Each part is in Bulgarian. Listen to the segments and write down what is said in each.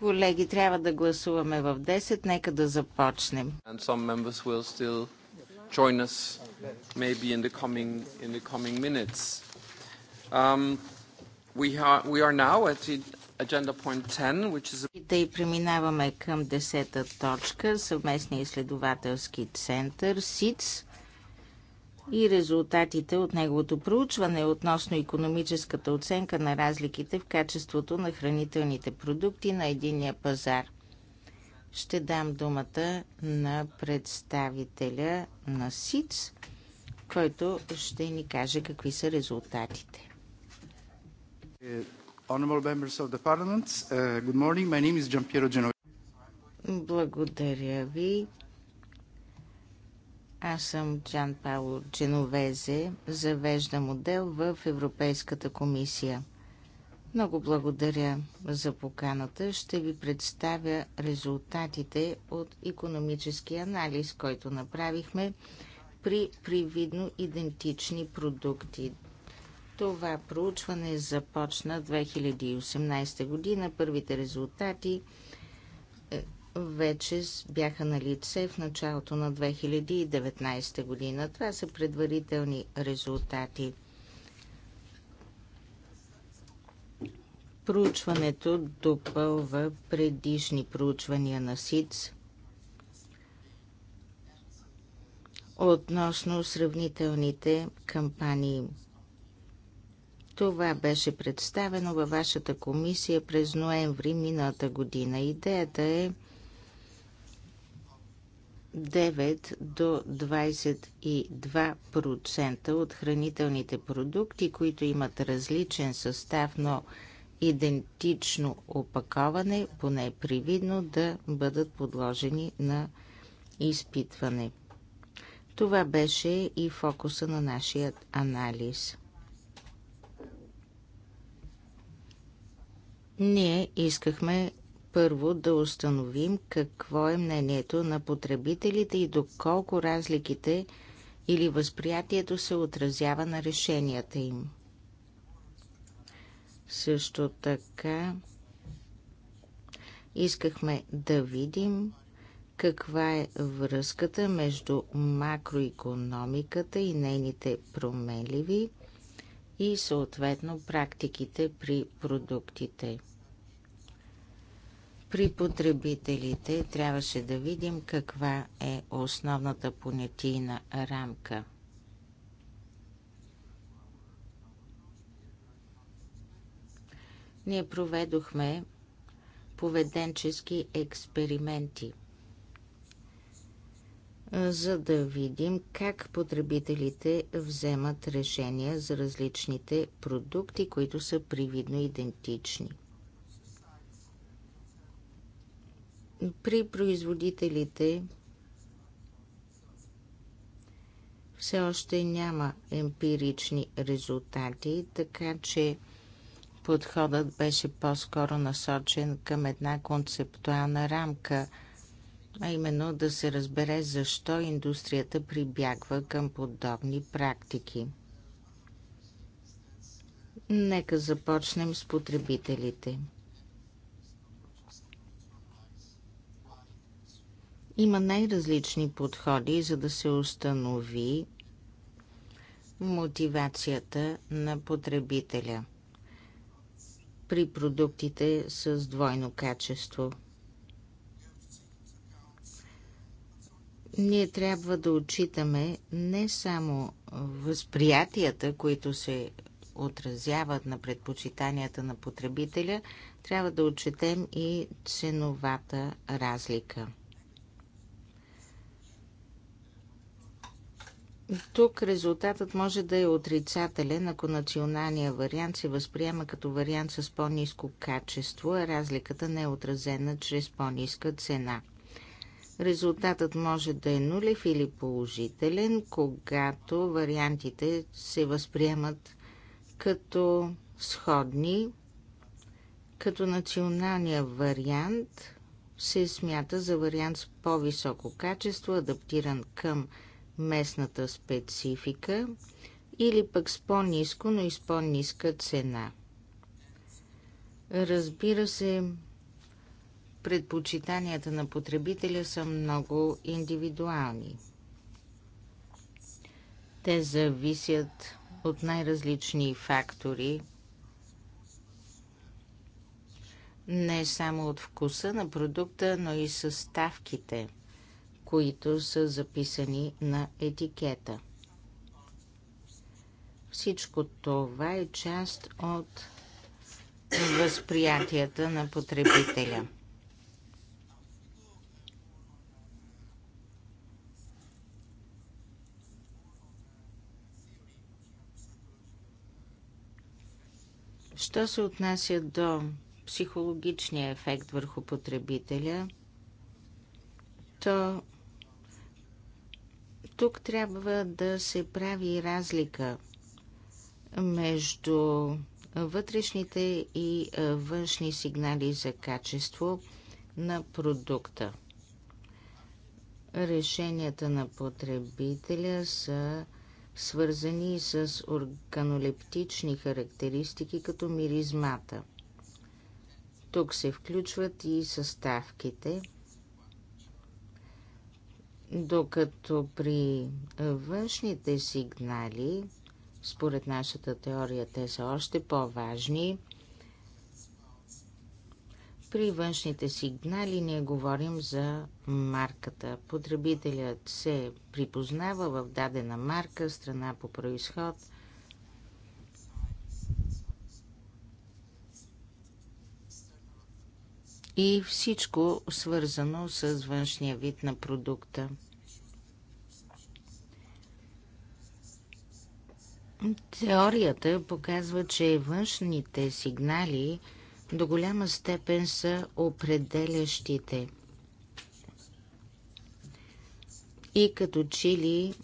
Колеги, трябва да гласуваме в 10. Нека да започнем. Да um, и преминаваме към 10-та точка, съвместния изследователски център СИЦ и резултатите от неговото проучване относно економическата оценка на разликите в качеството на хранителните продукти на единния пазар. Ще дам думата на представителя на СИЦ, който ще ни каже какви са резултатите. Uh, Благодаря ви. Аз съм Джан Пауло Дженовезе, завежда модел в Европейската комисия. Много благодаря за поканата. Ще ви представя резултатите от економическия анализ, който направихме при привидно идентични продукти. Това проучване започна 2018 година. Първите резултати е, вече бяха на лице в началото на 2019 година. Това са предварителни резултати. Проучването допълва предишни проучвания на СИЦ относно сравнителните кампании. Това беше представено във вашата комисия през ноември миналата година. Идеята е 9 до 22% от хранителните продукти, които имат различен състав, но идентично опаковане, поне е привидно, да бъдат подложени на изпитване. Това беше и фокуса на нашия анализ. Ние искахме първо да установим какво е мнението на потребителите и доколко разликите или възприятието се отразява на решенията им. Също така искахме да видим каква е връзката между макроекономиката и нейните променливи и съответно практиките при продуктите при потребителите трябваше да видим каква е основната понятийна рамка. Ние проведохме поведенчески експерименти, за да видим как потребителите вземат решения за различните продукти, които са привидно идентични – При производителите все още няма емпирични резултати, така че подходът беше по-скоро насочен към една концептуална рамка, а именно да се разбере защо индустрията прибягва към подобни практики. Нека започнем с потребителите. Има най-различни подходи, за да се установи мотивацията на потребителя при продуктите с двойно качество. Ние трябва да отчитаме не само възприятията, които се отразяват на предпочитанията на потребителя, трябва да отчетем и ценовата разлика. Тук резултатът може да е отрицателен, ако националния вариант се възприема като вариант с по-низко качество, а разликата не е отразена чрез по-ниска цена. Резултатът може да е нулев или положителен, когато вариантите се възприемат като сходни, като националния вариант се смята за вариант с по-високо качество, адаптиран към местната специфика или пък с по-низко, но и с по-ниска цена. Разбира се, предпочитанията на потребителя са много индивидуални. Те зависят от най-различни фактори, не само от вкуса на продукта, но и съставките – които са записани на етикета. Всичко това е част от възприятията на потребителя. Що се отнася до психологичния ефект върху потребителя, то тук трябва да се прави разлика между вътрешните и външни сигнали за качество на продукта. Решенията на потребителя са свързани с органолептични характеристики, като миризмата. Тук се включват и съставките – докато при външните сигнали, според нашата теория, те са още по-важни. При външните сигнали ние говорим за марката. Потребителят се припознава в дадена марка, страна по происход – и всичко свързано с външния вид на продукта. Теорията показва, че външните сигнали до голяма степен са определящите. И като чили,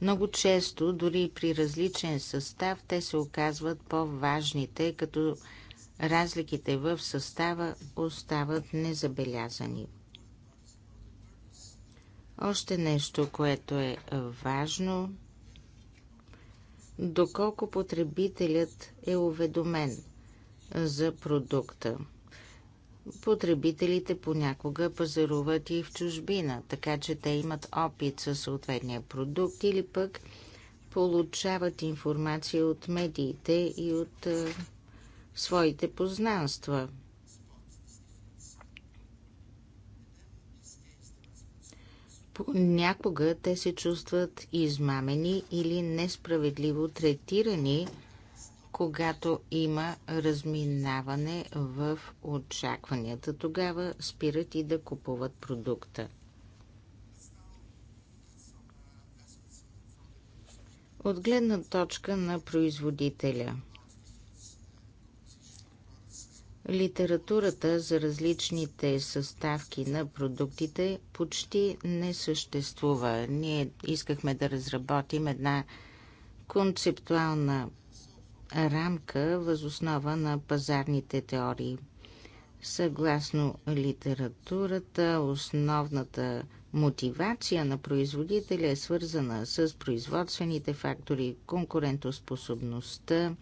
много често, дори при различен състав, те се оказват по-важните, като разликите в състава остават незабелязани. Още нещо, което е важно – доколко потребителят е уведомен за продукта. Потребителите понякога пазаруват и в чужбина, така че те имат опит със съответния продукт или пък получават информация от медиите и от а, е, своите познанства – Понякога те се чувстват измамени или несправедливо третирани, когато има разминаване в очакванията. Тогава спират и да купуват продукта. От гледна точка на производителя – Литературата за различните съставки на продуктите почти не съществува. Ние искахме да разработим една концептуална рамка възоснова на пазарните теории. Съгласно литературата, основната мотивация на производителя е свързана с производствените фактори, конкурентоспособността,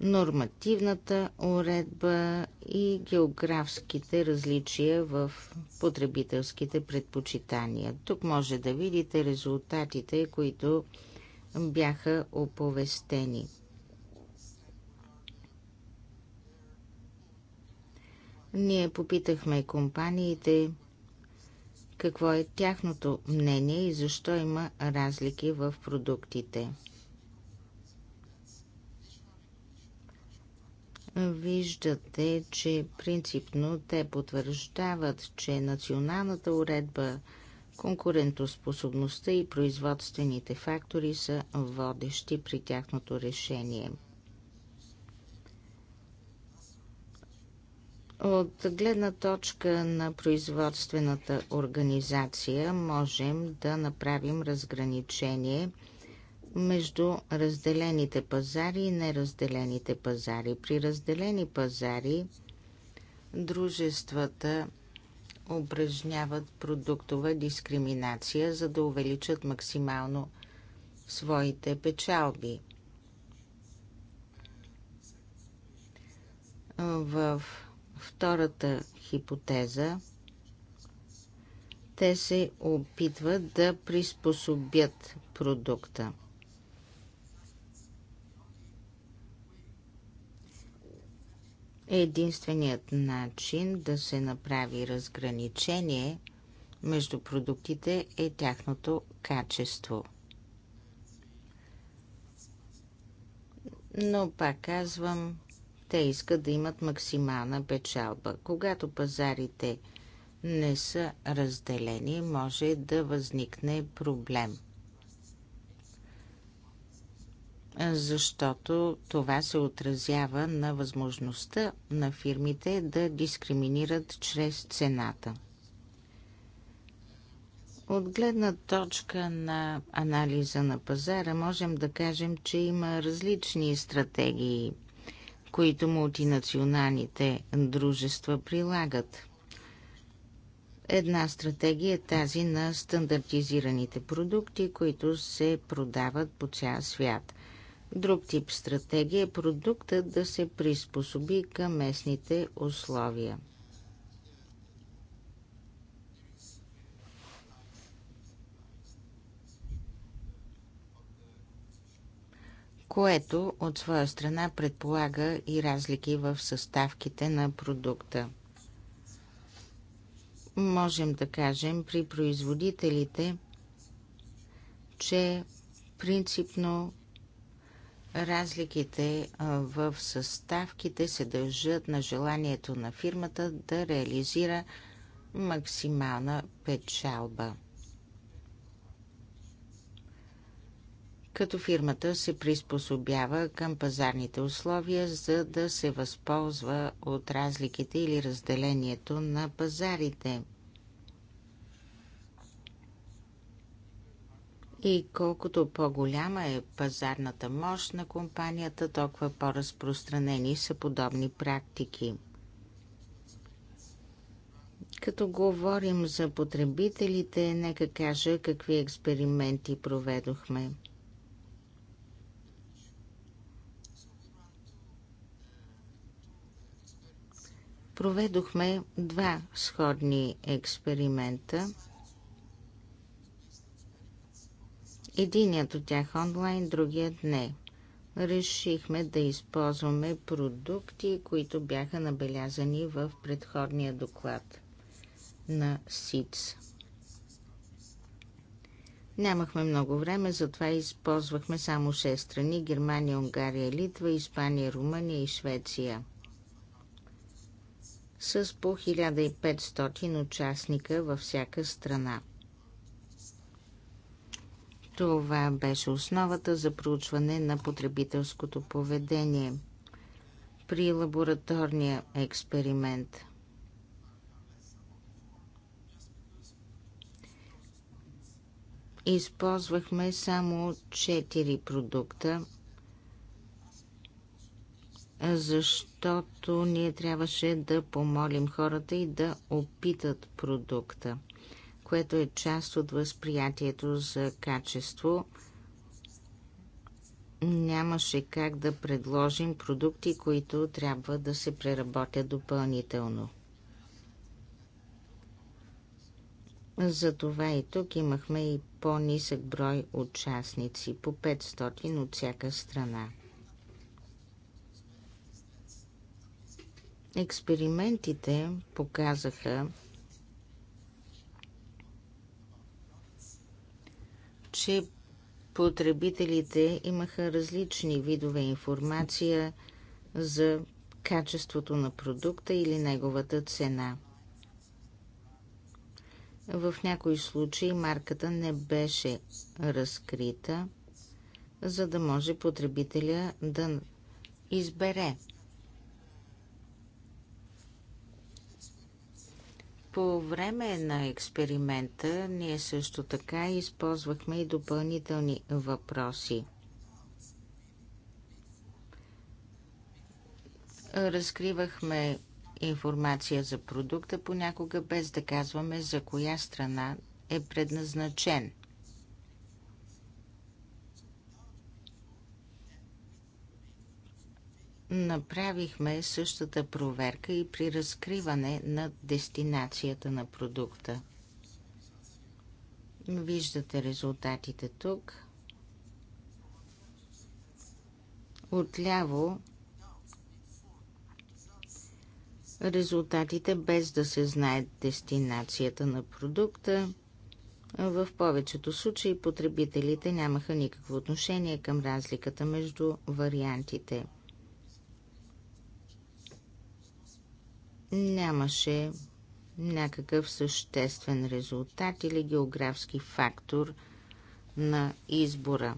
нормативната уредба и географските различия в потребителските предпочитания. Тук може да видите резултатите, които бяха оповестени. Ние попитахме компаниите какво е тяхното мнение и защо има разлики в продуктите. Виждате, че принципно те потвърждават, че националната уредба, конкурентоспособността и производствените фактори са водещи при тяхното решение. От гледна точка на производствената организация можем да направим разграничение – между разделените пазари и неразделените пазари. При разделени пазари дружествата упражняват продуктова дискриминация, за да увеличат максимално своите печалби. В втората хипотеза те се опитват да приспособят продукта – Единственият начин да се направи разграничение между продуктите е тяхното качество. Но пак казвам, те искат да имат максимална печалба. Когато пазарите не са разделени, може да възникне проблем. защото това се отразява на възможността на фирмите да дискриминират чрез цената. От гледна точка на анализа на пазара можем да кажем, че има различни стратегии, които мултинационалните дружества прилагат. Една стратегия е тази на стандартизираните продукти, които се продават по цял свят. Друг тип стратегия е продуктът да се приспособи към местните условия. което от своя страна предполага и разлики в съставките на продукта. Можем да кажем при производителите, че принципно Разликите в съставките се дължат на желанието на фирмата да реализира максимална печалба. Като фирмата се приспособява към пазарните условия, за да се възползва от разликите или разделението на пазарите – И колкото по-голяма е пазарната мощ на компанията, толкова по-разпространени са подобни практики. Като говорим за потребителите, нека кажа какви експерименти проведохме. Проведохме два сходни експеримента – Единият от тях онлайн, другият не. Решихме да използваме продукти, които бяха набелязани в предходния доклад на СИЦ. Нямахме много време, затова използвахме само 6 страни – Германия, Унгария, Литва, Испания, Румъния и Швеция. С по 1500 участника във всяка страна. Това беше основата за проучване на потребителското поведение при лабораторния експеримент. Използвахме само 4 продукта, защото ние трябваше да помолим хората и да опитат продукта – което е част от възприятието за качество. Нямаше как да предложим продукти, които трябва да се преработят допълнително. Затова и тук имахме и по-нисък брой участници, по 500 от всяка страна. Експериментите показаха, че потребителите имаха различни видове информация за качеството на продукта или неговата цена. В някои случаи марката не беше разкрита, за да може потребителя да избере По време на експеримента ние също така използвахме и допълнителни въпроси. Разкривахме информация за продукта понякога без да казваме за коя страна е предназначен – Направихме същата проверка и при разкриване на дестинацията на продукта. Виждате резултатите тук. Отляво резултатите без да се знае дестинацията на продукта. В повечето случаи потребителите нямаха никакво отношение към разликата между вариантите – нямаше някакъв съществен резултат или географски фактор на избора.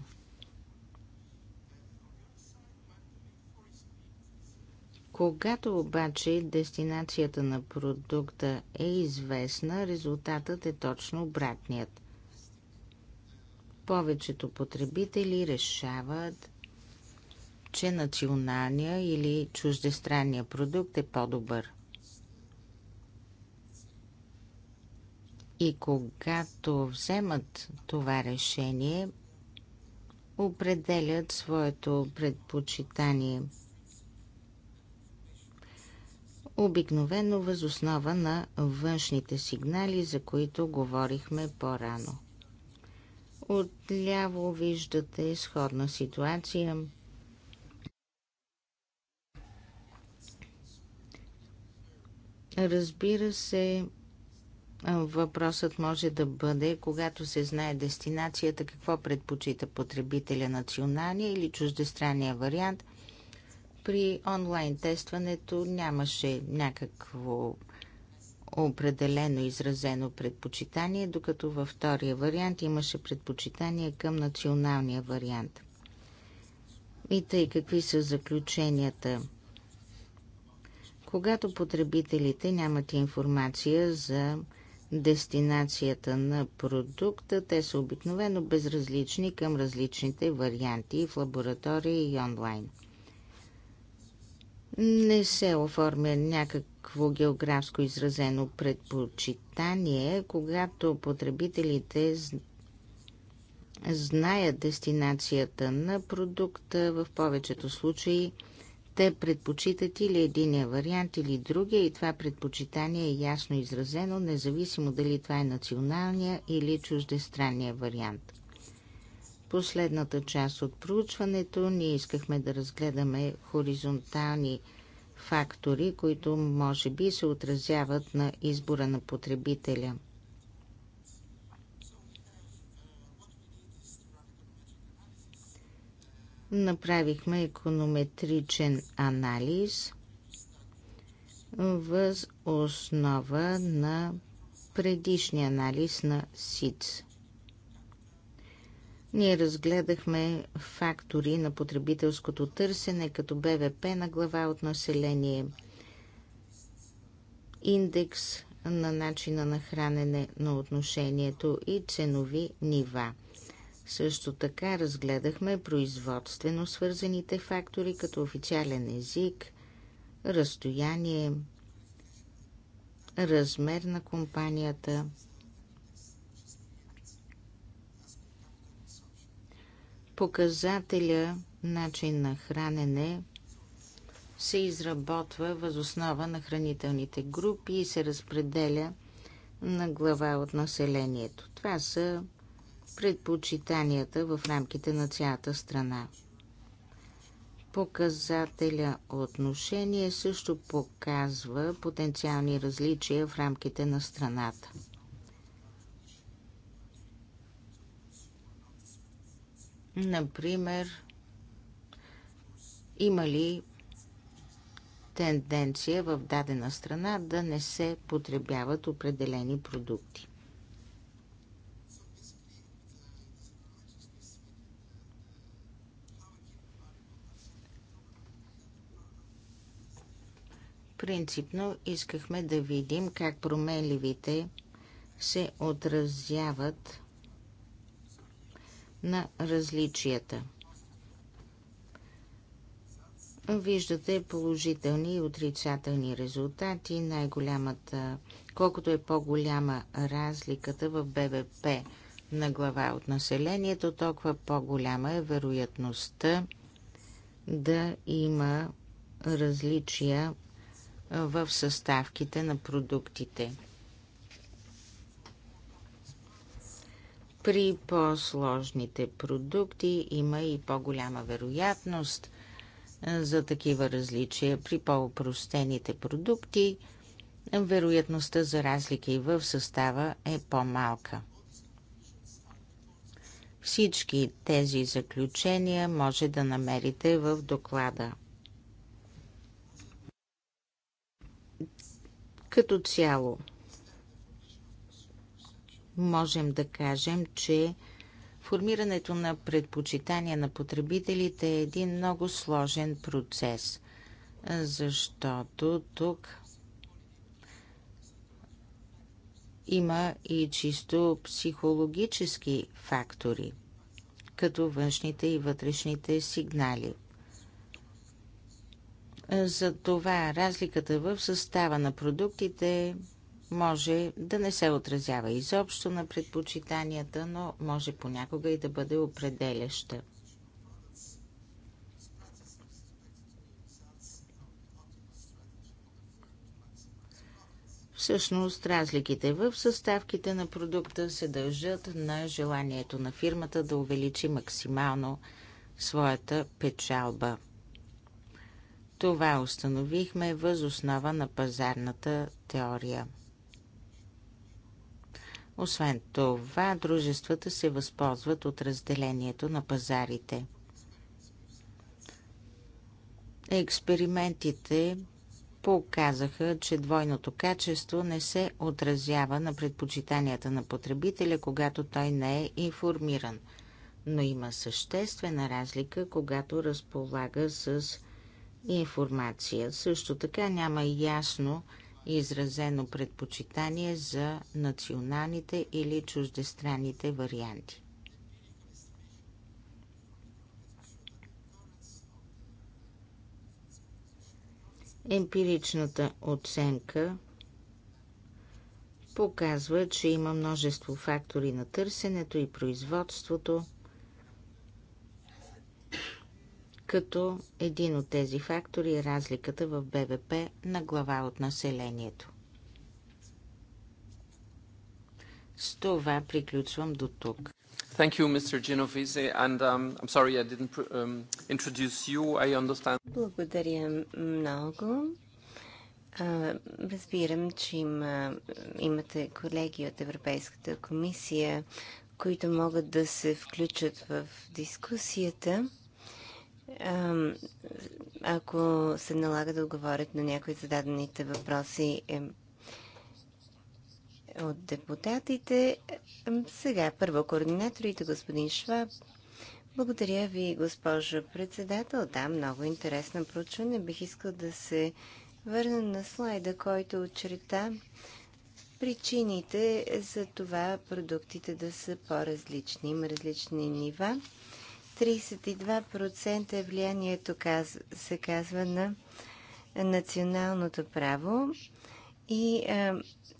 Когато обаче дестинацията на продукта е известна, резултатът е точно обратният. Повечето потребители решават, че националния или чуждестранния продукт е по-добър. И когато вземат това решение, определят своето предпочитание. Обикновено възоснова на външните сигнали, за които говорихме по-рано. Отляво виждате сходна ситуация. Разбира се, Въпросът може да бъде, когато се знае дестинацията, какво предпочита потребителя националния или чуждестранния вариант. При онлайн тестването нямаше някакво определено изразено предпочитание, докато във втория вариант имаше предпочитание към националния вариант. И тъй какви са заключенията? Когато потребителите нямат информация за дестинацията на продукта. Те са обикновено безразлични към различните варианти в лаборатория и онлайн. Не се оформя някакво географско изразено предпочитание, когато потребителите знаят дестинацията на продукта, в повечето случаи те предпочитат или единия вариант, или другия и това предпочитание е ясно изразено, независимо дали това е националния или чуждестранния вариант. Последната част от проучването ние искахме да разгледаме хоризонтални фактори, които може би се отразяват на избора на потребителя – Направихме економетричен анализ въз основа на предишния анализ на СИЦ. Ние разгледахме фактори на потребителското търсене, като БВП на глава от население, индекс на начина на хранене на отношението и ценови нива – също така разгледахме производствено свързаните фактори, като официален език, разстояние, размер на компанията. Показателя начин на хранене се изработва възоснова на хранителните групи и се разпределя на глава от населението. Това са предпочитанията в рамките на цялата страна. Показателя отношение също показва потенциални различия в рамките на страната. Например, има ли тенденция в дадена страна да не се потребяват определени продукти? Принципно искахме да видим как променливите се отразяват на различията. Виждате положителни и отрицателни резултати. Най-голямата, колкото е по-голяма разликата в БВП на глава от населението, толкова по-голяма е вероятността да има различия в съставките на продуктите. При по-сложните продукти има и по-голяма вероятност за такива различия. При по-опростените продукти вероятността за разлики в състава е по-малка. Всички тези заключения може да намерите в доклада. Като цяло, можем да кажем, че формирането на предпочитания на потребителите е един много сложен процес, защото тук има и чисто психологически фактори, като външните и вътрешните сигнали. За това разликата в състава на продуктите може да не се отразява изобщо на предпочитанията, но може понякога и да бъде определяща. Всъщност разликите в съставките на продукта се дължат на желанието на фирмата да увеличи максимално своята печалба. Това установихме въз основа на пазарната теория. Освен това, дружествата се възползват от разделението на пазарите. Експериментите показаха, че двойното качество не се отразява на предпочитанията на потребителя, когато той не е информиран. Но има съществена разлика, когато разполага с информация. Също така няма ясно изразено предпочитание за националните или чуждестранните варианти. Емпиричната оценка показва, че има множество фактори на търсенето и производството – като един от тези фактори е разликата в БВП на глава от населението. С това приключвам до тук. Thank you, Mr. Genovese, and um, I'm sorry I didn't um, introduce you. I understand. Благодаря много. разбирам, че има, имате колеги от Европейската комисия, които могат да се включат в дискусията ако се налага да отговорят на някои зададените въпроси е, от депутатите. Сега първо координаторите, господин Шваб. Благодаря ви, госпожо председател. Да, много интересно проучване. Бих искал да се върна на слайда, който очерта причините за това продуктите да са по-различни. Има различни нива 32% е влиянието, се казва, на националното право и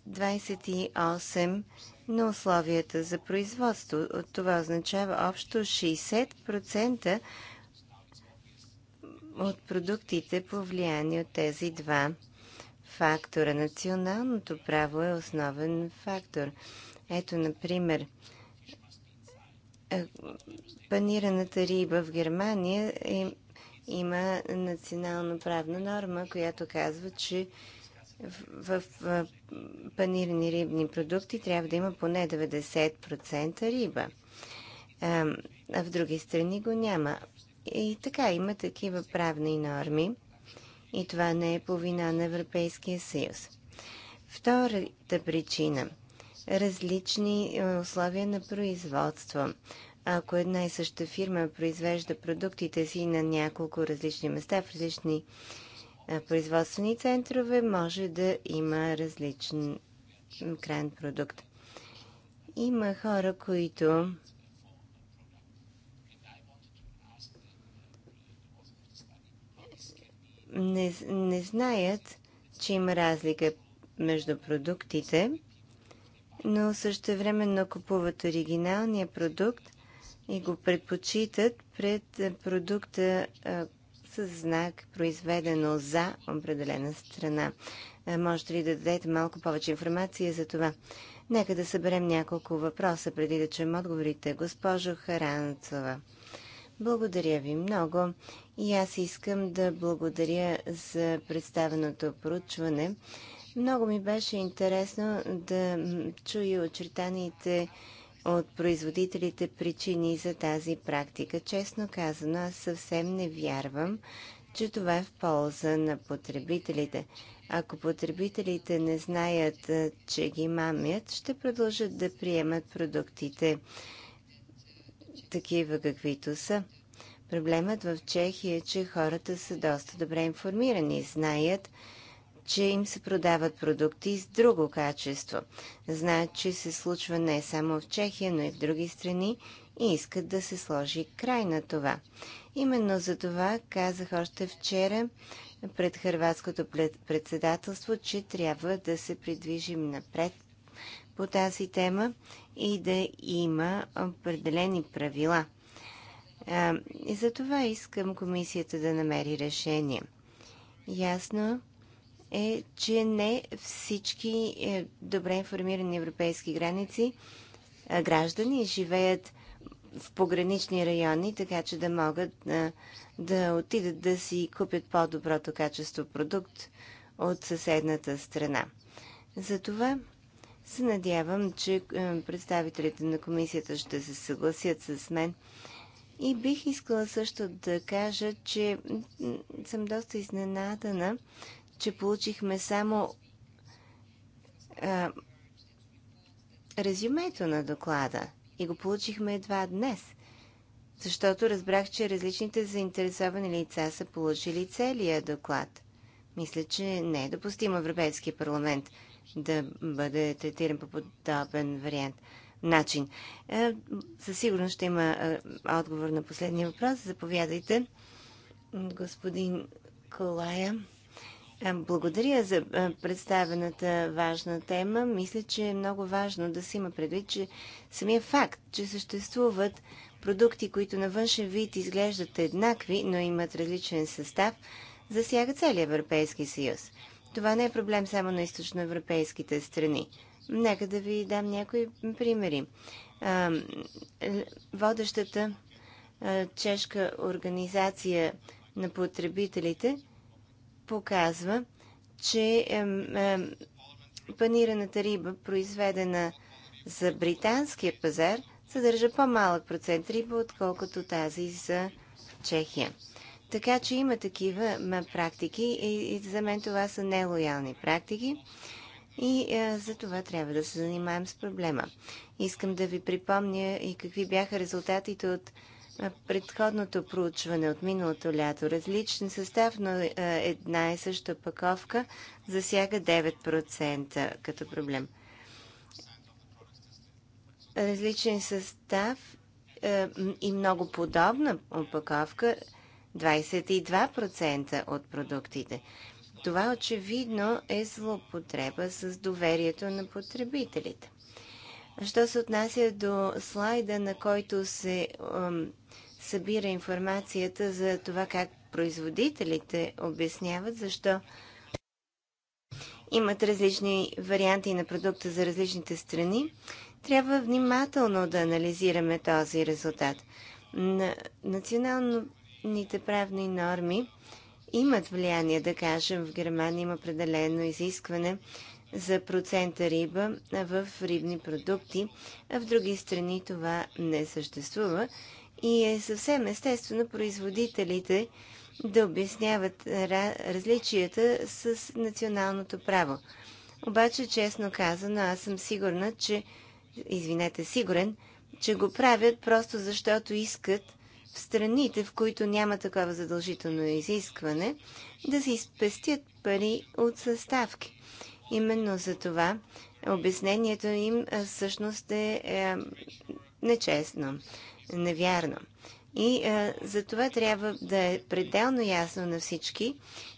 28% е, на условията за производство. Това означава общо 60% от продуктите повлияни от тези два фактора. Националното право е основен фактор. Ето, например, панираната е, риба в Германия е, има национална правна норма, която казва, че в, в панирани рибни продукти трябва да има поне 90% риба. А, е, а в други страни го няма. И така, има такива правни норми. И това не е по вина на Европейския съюз. Втората причина – различни е, условия на производство. Ако една и съща фирма произвежда продуктите си на няколко различни места в различни е, производствени центрове, може да има различен крайен продукт. Има хора, които не, не знаят, че има разлика между продуктите но също времено купуват оригиналния продукт и го предпочитат пред продукта а, с знак произведено за определена страна. А, можете ли да дадете малко повече информация за това? Нека да съберем няколко въпроса преди да чуем отговорите. Госпожо Харанцова, благодаря ви много и аз искам да благодаря за представеното проучване. Много ми беше интересно да чуя очертаните от производителите причини за тази практика. Честно казано, аз съвсем не вярвам, че това е в полза на потребителите. Ако потребителите не знаят, че ги мамят, ще продължат да приемат продуктите такива каквито са. Проблемът в Чехия е, че хората са доста добре информирани, знаят, че им се продават продукти с друго качество. Знаят, че се случва не само в Чехия, но и в други страни и искат да се сложи край на това. Именно за това казах още вчера пред Хрватското председателство, че трябва да се придвижим напред по тази тема и да има определени правила. И за това искам комисията да намери решение. Ясно е, че не всички е, добре информирани европейски граници е, граждани живеят в погранични райони, така че да могат да, е, да отидат да си купят по-доброто качество продукт от съседната страна. Затова се надявам, че представителите на комисията ще се съгласят с мен. И бих искала също да кажа, че съм доста изненадана, че получихме само а, резюмето на доклада и го получихме едва днес, защото разбрах, че различните заинтересовани лица са получили целия доклад. Мисля, че не е допустимо Европейския парламент да бъде третиран по подобен вариант начин. Е, със сигурност ще има е, отговор на последния въпрос. Заповядайте, господин Колая. Благодаря за представената важна тема. Мисля, че е много важно да се има предвид, че самия факт, че съществуват продукти, които на външен вид изглеждат еднакви, но имат различен състав, засяга целия Европейски съюз. Това не е проблем само на източноевропейските страни. Нека да ви дам някои примери. Водещата чешка организация на потребителите – показва, че е, е, панираната риба, произведена за британския пазар, съдържа по-малък процент риба, отколкото тази за Чехия. Така че има такива практики и, и за мен това са нелоялни практики и е, за това трябва да се занимаем с проблема. Искам да ви припомня и какви бяха резултатите от предходното проучване от миналото лято. Различен състав, но е, една и съща паковка засяга 9% като проблем. Различен състав е, и много подобна опаковка 22% от продуктите. Това очевидно е злоупотреба с доверието на потребителите. Що се отнася до слайда, на който се събира информацията за това как производителите обясняват защо имат различни варианти на продукта за различните страни, трябва внимателно да анализираме този резултат. На националните правни норми имат влияние, да кажем, в Германия има определено изискване за процента риба в рибни продукти, а в други страни това не съществува. И е съвсем естествено производителите да обясняват различията с националното право. Обаче, честно казано, аз съм сигурна, че, извинете, сигурен, че го правят просто защото искат в страните, в които няма такова задължително изискване, да се изпестят пари от съставки. Именно за това обяснението им всъщност е, е нечестно, невярно. И е, за това трябва да е пределно ясно на всички,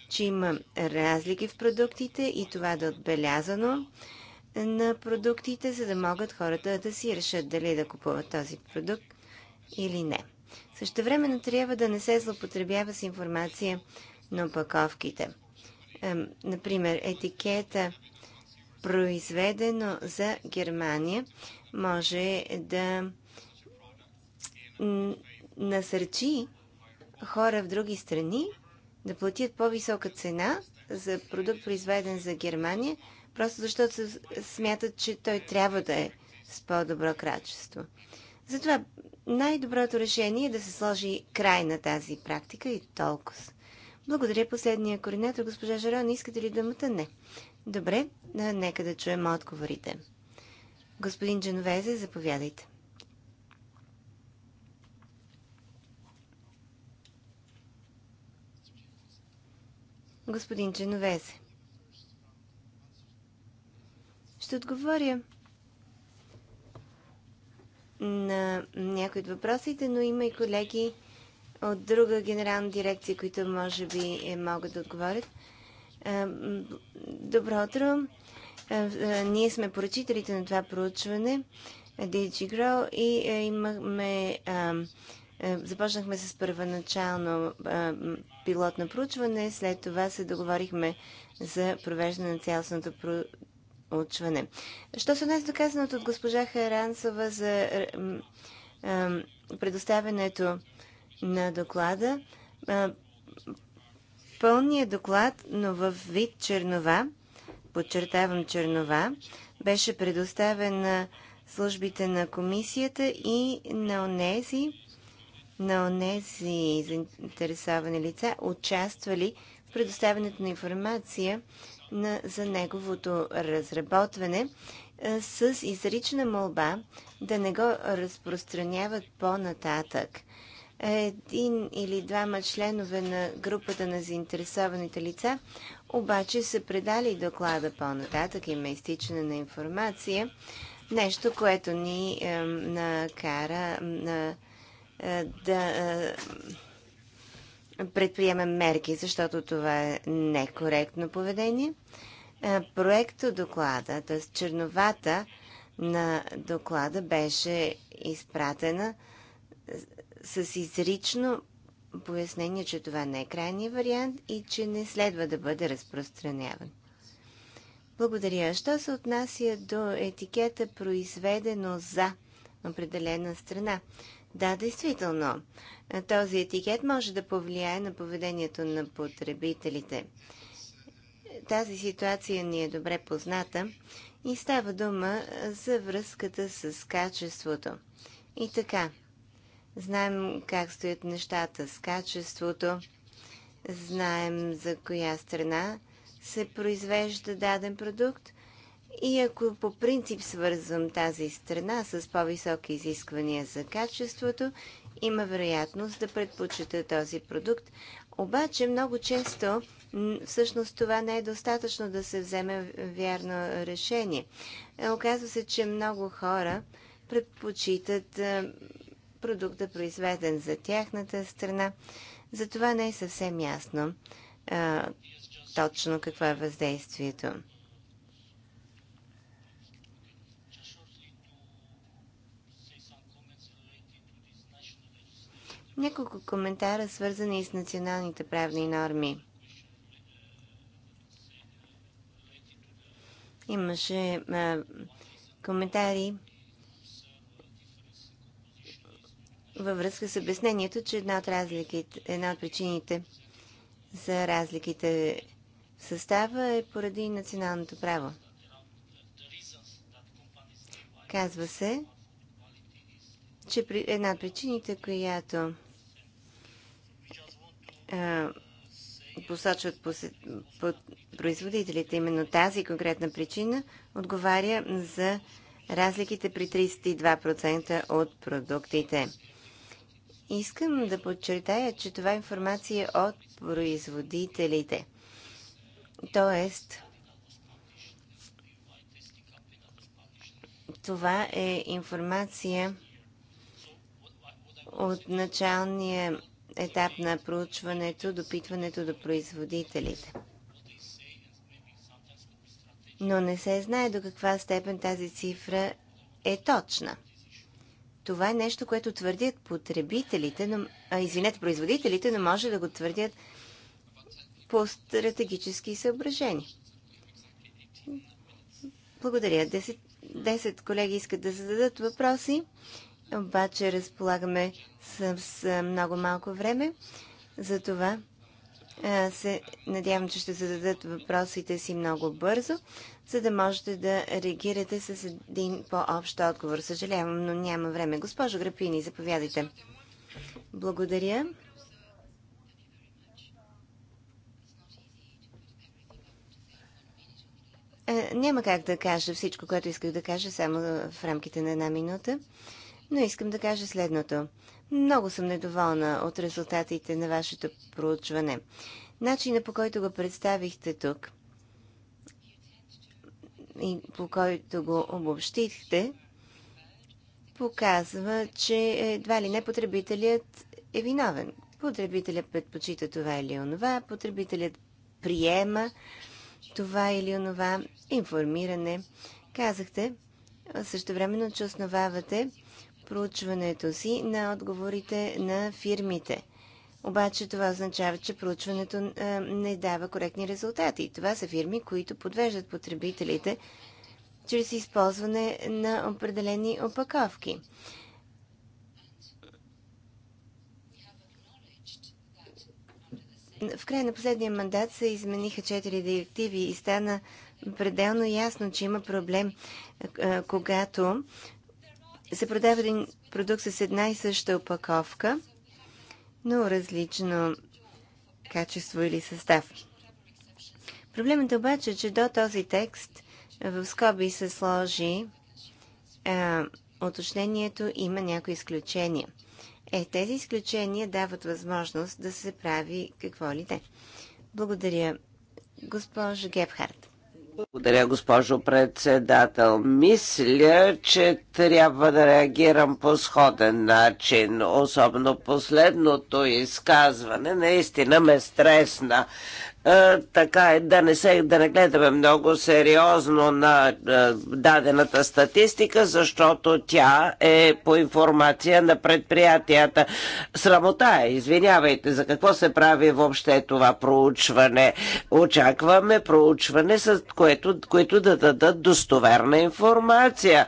че има разлики в продуктите и това да е отбелязано на продуктите, за да могат хората да си решат дали да купуват този продукт или не. Също времено трябва да не се злопотребява с информация на опаковките. Например, етикета произведено за Германия може да насърчи хора в други страни да платят по-висока цена за продукт, произведен за Германия, просто защото смятат, че той трябва да е с по-добро качество. Затова най-доброто решение е да се сложи край на тази практика и толкова. Благодаря последния координатор. Госпожа Жарон, искате ли думата? Не. Добре, нека да чуем отговорите. Господин Дженовезе, заповядайте. Господин Дженовезе. Ще отговоря на някои от въпросите, но има и колеги, от друга генерална дирекция, които може би е, могат да отговорят. Е, добро утро! Е, ние сме поръчителите на това проучване, DigiGrow, и имахме Започнахме с първоначално пилотно проучване, след това се договорихме за провеждане на цялостното проучване. Що се днес доказаното от госпожа Харансова за предоставянето на доклада. Пълният доклад, но в вид чернова, подчертавам чернова, беше предоставен на службите на комисията и на онези, на онези заинтересовани лица, участвали в предоставянето на информация на, за неговото разработване с изрична молба да не го разпространяват по-нататък един или двама членове на групата на заинтересованите лица, обаче са предали доклада по-нататък, има изтичане на информация, нещо, което ни е, накара на, е, да е, предприемем мерки, защото това е некоректно поведение. Е, проекто доклада, т.е. черновата на доклада беше изпратена с изрично пояснение, че това не е крайният вариант и че не следва да бъде разпространяван. Благодаря. Що се отнася до етикета произведено за определена страна? Да, действително. Този етикет може да повлияе на поведението на потребителите. Тази ситуация ни е добре позната и става дума за връзката с качеството. И така, Знаем как стоят нещата с качеството, знаем за коя страна се произвежда даден продукт и ако по принцип свързвам тази страна с по-високи изисквания за качеството, има вероятност да предпочита този продукт. Обаче много често всъщност това не е достатъчно да се вземе вярно решение. Е, оказва се, че много хора предпочитат продукта, произведен за тяхната страна. Затова не е съвсем ясно а, точно какво е въздействието. Няколко коментара, свързани с националните правни норми. Имаше а, коментари във връзка с обяснението, че една от, разликите, една от причините за разликите в състава е поради националното право. Казва се, че една от причините, която а, посочват посет, производителите, именно тази конкретна причина, отговаря за разликите при 32% от продуктите. Искам да подчертая, че това е информация от производителите. Тоест, това е информация от началния етап на проучването, допитването до производителите. Но не се знае до каква степен тази цифра е точна. Това е нещо, което твърдят потребителите, но, а, извинете, производителите, но може да го твърдят по стратегически съображения. Благодаря. Десет десет колеги искат да зададат въпроси, обаче разполагаме с, с много малко време. Затова е, се надявам, че ще зададат въпросите си много бързо, за да можете да реагирате с един по-общ отговор. Съжалявам, но няма време. Госпожо Грапини, заповядайте. Благодаря. Е, няма как да кажа всичко, което исках да кажа, само в рамките на една минута, но искам да кажа следното. Много съм недоволна от резултатите на вашето проучване. Начина по който го представихте тук и по който го обобщихте, показва, че едва ли не потребителят е виновен. Потребителят предпочита това или онова, потребителят приема това или онова информиране. Казахте, също времено, че основавате проучването си на отговорите на фирмите. Обаче това означава, че проучването е, не дава коректни резултати. Това са фирми, които подвеждат потребителите чрез използване на определени опаковки. В края на последния мандат се измениха четири директиви и стана пределно ясно, че има проблем, е, когато се продава един продукт с една и съща опаковка, но различно качество или състав. Проблемът е обаче, че до този текст в скоби се сложи а, уточнението има някои изключения. Е, тези изключения дават възможност да се прави какво ли те. Благодаря, госпожа Гебхарт. Благодаря, госпожо председател. Мисля, че трябва да реагирам по сходен начин. Особено последното изказване наистина ме стресна така е да не, се, да не гледаме много сериозно на дадената статистика, защото тя е по информация на предприятията. Срамота е, извинявайте, за какво се прави въобще това проучване. Очакваме проучване, с което, което да дадат достоверна информация.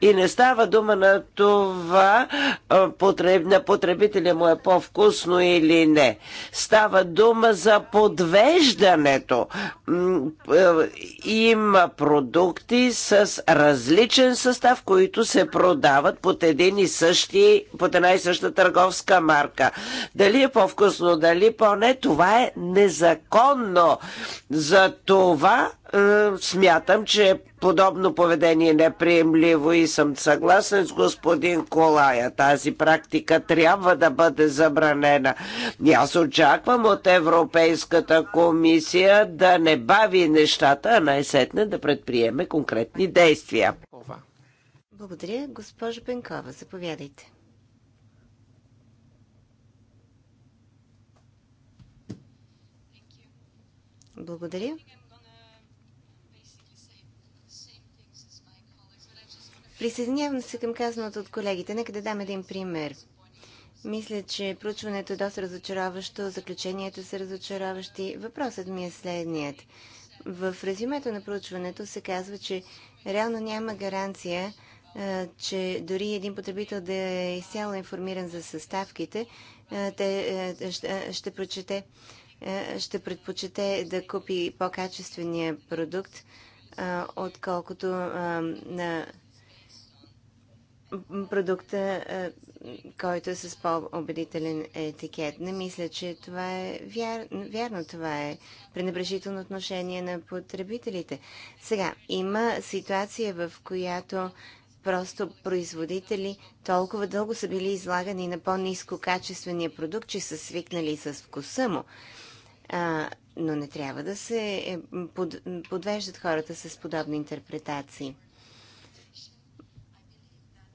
И не става дума на това потреб, на потребителя му е по-вкусно или не. Става дума за подвеждане нареждането. Има продукти с различен състав, които се продават под един и същи, под една и съща търговска марка. Дали е по-вкусно, дали по-не, това е незаконно. За това е, смятам, че подобно поведение е неприемливо и съм съгласен с господин Колая. Тази практика трябва да бъде забранена. И аз очаквам от Европейската комисия да не бави нещата, а най-сетне да предприеме конкретни действия. Благодаря. Госпожо Пенкова, заповядайте. Благодаря. Присъединявам се към казаното от колегите. Нека да дам един пример. Мисля, че проучването е доста разочароващо, заключенията са разочароващи. Въпросът ми е следният. В резюмето на проучването се казва, че реално няма гаранция, че дори един потребител да е изцяло информиран за съставките, те ще, ще прочете, ще предпочете да купи по-качествения продукт, отколкото на продукта, е, който е с по-убедителен етикет. Не мисля, че това е вяр... вярно. Това е пренебрежително отношение на потребителите. Сега, има ситуация, в която просто производители толкова дълго са били излагани на по-низко качествения продукт, че са свикнали с вкуса му. А, но не трябва да се е, подвеждат хората с подобни интерпретации.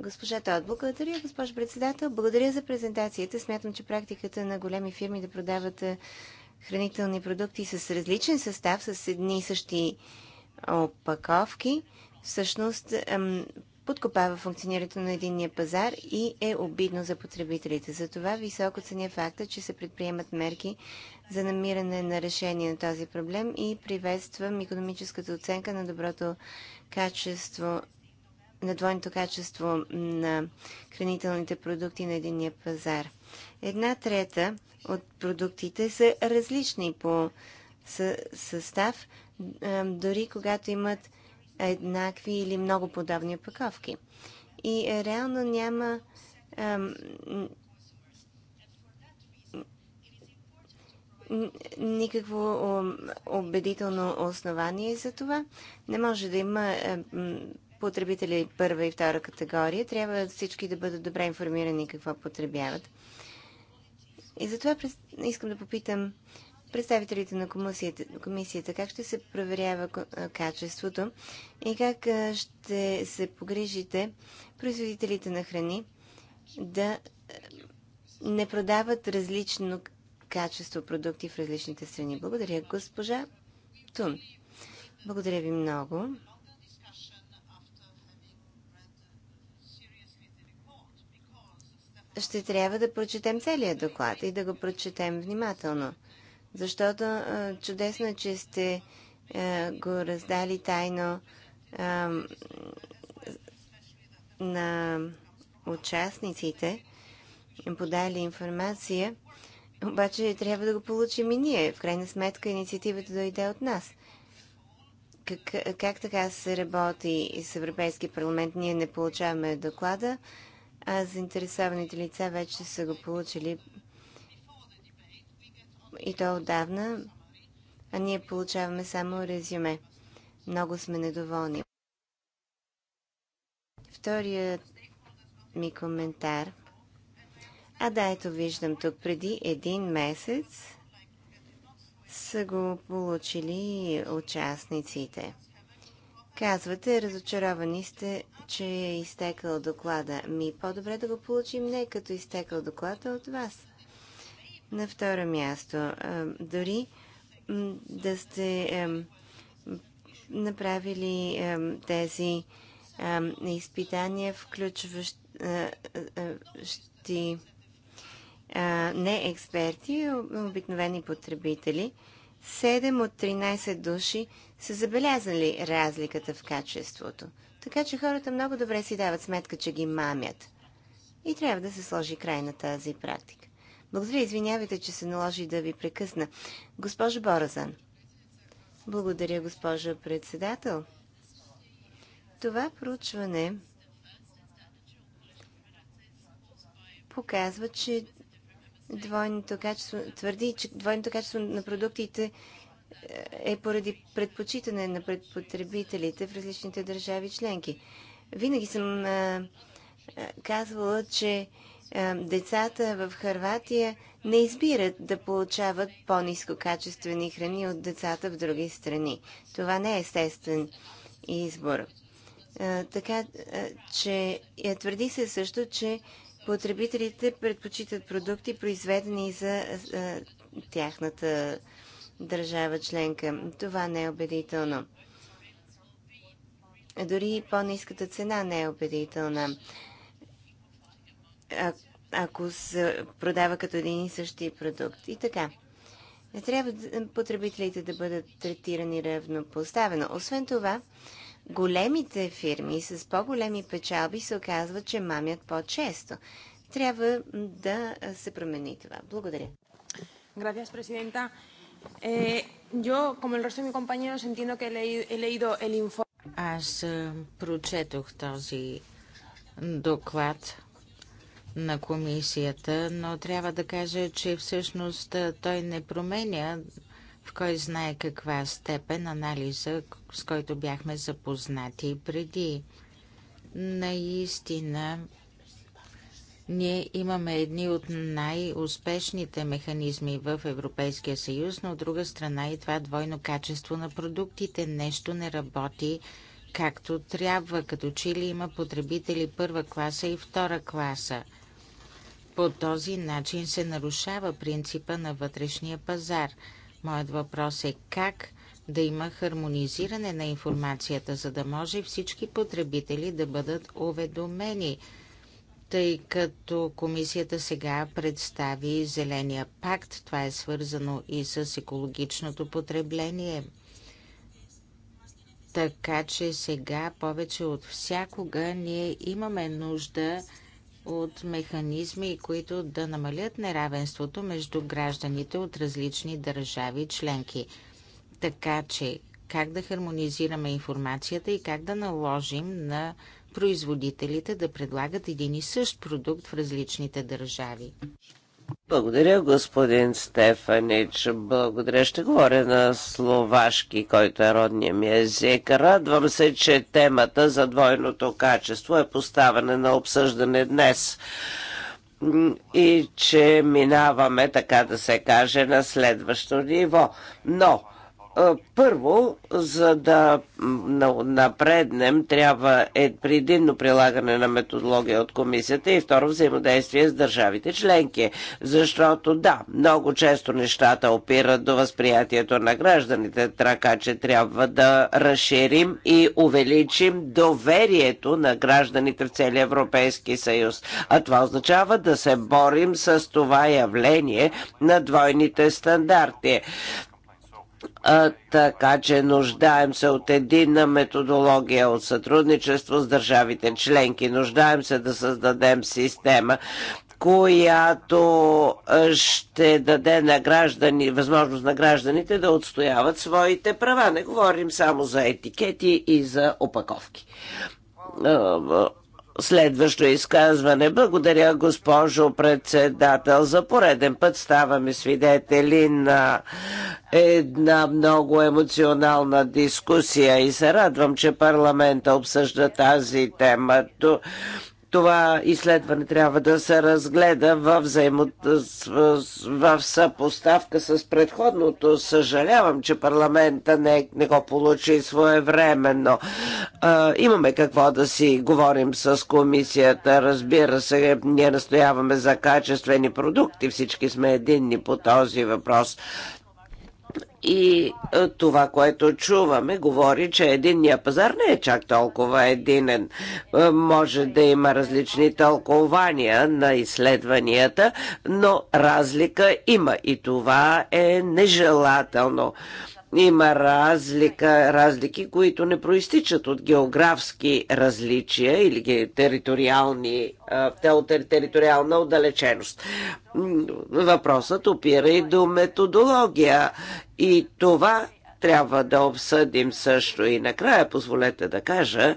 Госпожа Тод, благодаря, госпожо председател. Благодаря за презентацията. Смятам, че практиката на големи фирми да продават хранителни продукти с различен състав, с едни и същи опаковки, всъщност подкопава функционирането на единния пазар и е обидно за потребителите. Затова високо ценя факта, че се предприемат мерки за намиране на решение на този проблем и приветствам економическата оценка на доброто качество на двойното качество на хранителните продукти на единия пазар. Една трета от продуктите са различни по състав, дори когато имат еднакви или много подобни опаковки. И е, реално няма никакво убедително основание за това. Не може да има потребители първа и втора категория, трябва всички да бъдат добре информирани какво потребяват. И затова искам да попитам представителите на комисията, как ще се проверява качеството и как ще се погрижите производителите на храни да не продават различно качество продукти в различните страни. Благодаря, госпожа Тун. Благодаря ви много. ще трябва да прочетем целият доклад и да го прочетем внимателно. Защото а, чудесно е, че сте а, го раздали тайно а, на участниците, подали информация, обаче трябва да го получим и ние. В крайна сметка инициативата дойде от нас. Как, как така се работи с Европейски парламент? Ние не получаваме доклада а заинтересованите лица вече са го получили и то отдавна, а ние получаваме само резюме. Много сме недоволни. Вторият ми коментар. А да, ето виждам тук, преди един месец са го получили участниците. Казвате, разочаровани сте, че е изтекал доклада. Ми по-добре да го получим не като изтекал доклада от вас. На второ място, дори да сте направили тези изпитания, включващи не експерти, обикновени потребители, 7 от 13 души са забелязали разликата в качеството. Така че хората много добре си дават сметка, че ги мамят. И трябва да се сложи край на тази практика. Благодаря, извинявайте, че се наложи да ви прекъсна. Госпожо Боразан. Благодаря, госпожо председател. Това проучване показва, че двойното качество, твърди, че двойното качество на продуктите е, е поради предпочитане на предпотребителите в различните държави членки. Винаги съм казвала, че децата в Харватия не избират да получават по-низкокачествени храни от децата в други страни. Това не е естествен избор. така че е, твърди се също, че потребителите предпочитат продукти, произведени за тяхната държава членка. Това не е убедително. Дори по-низката цена не е убедителна. А, ако се продава като един и същи продукт. И така. Не Трябва потребителите да бъдат третирани равнопоставено. Освен това, големите фирми с по-големи печалби се оказва, че мамят по-често. Трябва да се промени това. Благодаря. Gracias, Presidenta. Eh, yo, como el resto de mis compañeros, entiendo que he leído el informe. Аз е, прочетох този доклад на комисията, но трябва да кажа, че всъщност е, той не променя в кой знае каква степен анализа, с който бяхме запознати преди. Наистина, ние имаме едни от най-успешните механизми в Европейския съюз, но от друга страна и това двойно качество на продуктите. Нещо не работи както трябва, като че ли има потребители първа класа и втора класа. По този начин се нарушава принципа на вътрешния пазар – Моят въпрос е как да има хармонизиране на информацията, за да може всички потребители да бъдат уведомени, тъй като комисията сега представи Зеления пакт. Това е свързано и с екологичното потребление. Така че сега повече от всякога ние имаме нужда от механизми, които да намалят неравенството между гражданите от различни държави членки. Така че как да хармонизираме информацията и как да наложим на производителите да предлагат един и същ продукт в различните държави. Благодаря, господин Стефанич. Благодаря. Ще говоря на словашки, който е родния ми език. Радвам се, че темата за двойното качество е поставена на обсъждане днес и че минаваме, така да се каже, на следващо ниво. Но първо, за да напреднем, трябва е предимно прилагане на методология от комисията и второ взаимодействие с държавите членки. Защото да, много често нещата опират до възприятието на гражданите, така че трябва да разширим и увеличим доверието на гражданите в целия Европейски съюз. А това означава да се борим с това явление на двойните стандарти а, така че нуждаем се от единна методология, от сътрудничество с държавите членки. Нуждаем се да създадем система, която ще даде на граждани, възможност на гражданите да отстояват своите права. Не говорим само за етикети и за опаковки Следващо изказване. Благодаря, госпожо председател. За пореден път ставаме свидетели на една много емоционална дискусия и се радвам, че парламента обсъжда тази тема това изследване трябва да се разгледа във взаимота, в съпоставка с предходното. Съжалявам, че парламента не, не го получи своевременно. А, имаме какво да си говорим с комисията. Разбира се, ние настояваме за качествени продукти. Всички сме единни по този въпрос. И е, това, което чуваме, говори, че единния пазар не е чак толкова единен. Е, може да има различни тълкования на изследванията, но разлика има и това е нежелателно. Има разлика, разлики, които не проистичат от географски различия или териториални, териториална отдалеченост. Въпросът опира и до методология и това трябва да обсъдим също. И накрая позволете да кажа,